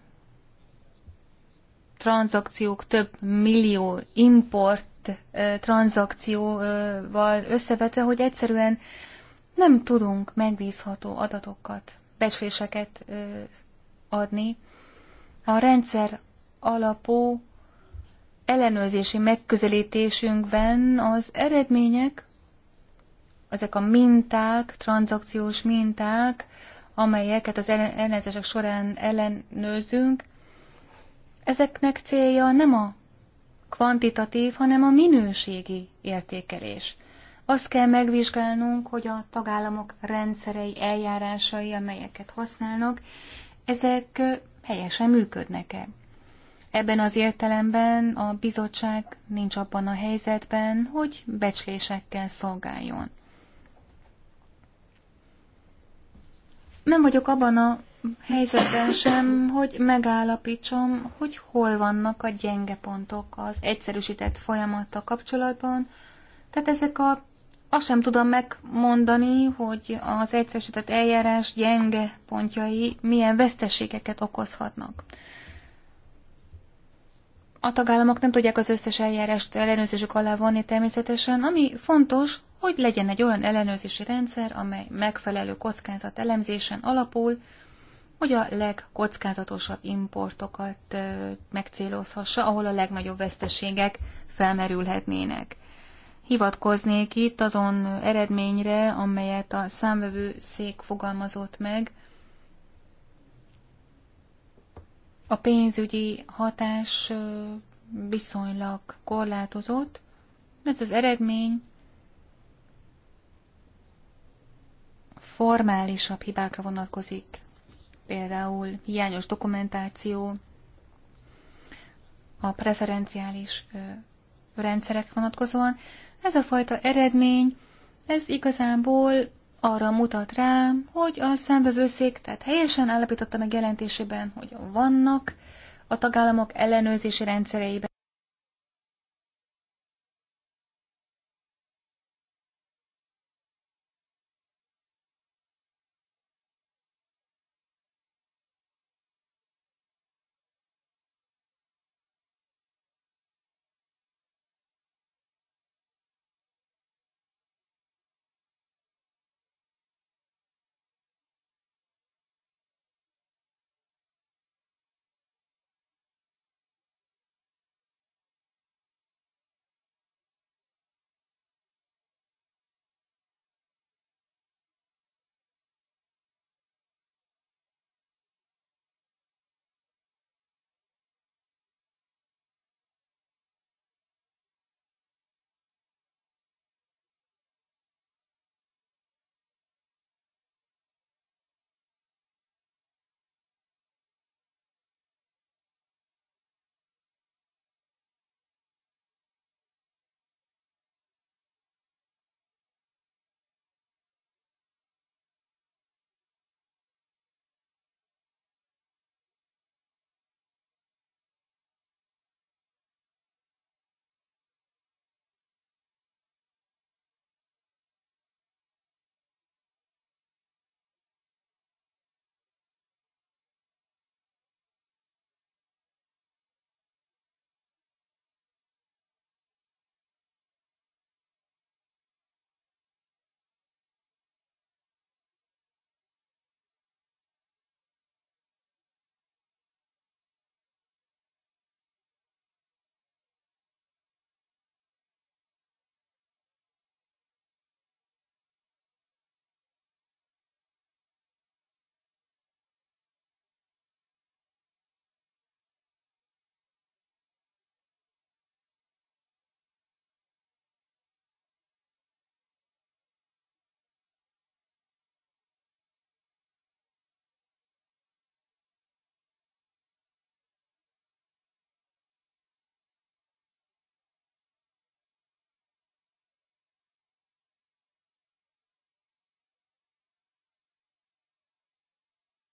tranzakciók több millió import érintett tranzakcióval összevetve, hogy egyszerűen nem tudunk megbízható adatokat, becsléseket adni. A rendszer alapú ellenőrzési megközelítésünkben az eredmények, ezek a minták, tranzakciós minták, amelyeket az ellenőrzések során ellenőrzünk, ezeknek célja nem a kvantitatív, hanem a minőségi értékelés. Azt kell megvizsgálnunk, hogy a tagállamok rendszerei, eljárásai, amelyeket használnak, ezek helyesen működnek-e. Ebben az értelemben a bizottság nincs abban a helyzetben, hogy becslésekkel szolgáljon. Nem vagyok abban a helyzetben sem, hogy megállapítsam, hogy hol vannak a gyenge pontok az egyszerűsített folyamattal kapcsolatban. Tehát ezek a azt sem tudom megmondani, hogy az egyszerűsített eljárás gyenge pontjai milyen veszteségeket okozhatnak. A tagállamok nem tudják az összes eljárást ellenőrzésük alá vonni természetesen, ami fontos, hogy legyen egy olyan ellenőrzési rendszer, amely megfelelő kockázat elemzésen alapul, hogy a legkockázatosabb importokat megcélozhassa, ahol a legnagyobb veszteségek felmerülhetnének. Hivatkoznék itt azon eredményre, amelyet a számvevő szék fogalmazott meg, a pénzügyi hatás viszonylag korlátozott. Ez az eredmény formálisabb hibákra vonatkozik, például hiányos dokumentáció, a preferenciális rendszerek vonatkozóan. Ez a fajta eredmény, ez igazából arra mutat rá, hogy a szembevőszék, tehát helyesen állapította meg jelentésében, hogy vannak a tagállamok ellenőrzési rendszereiben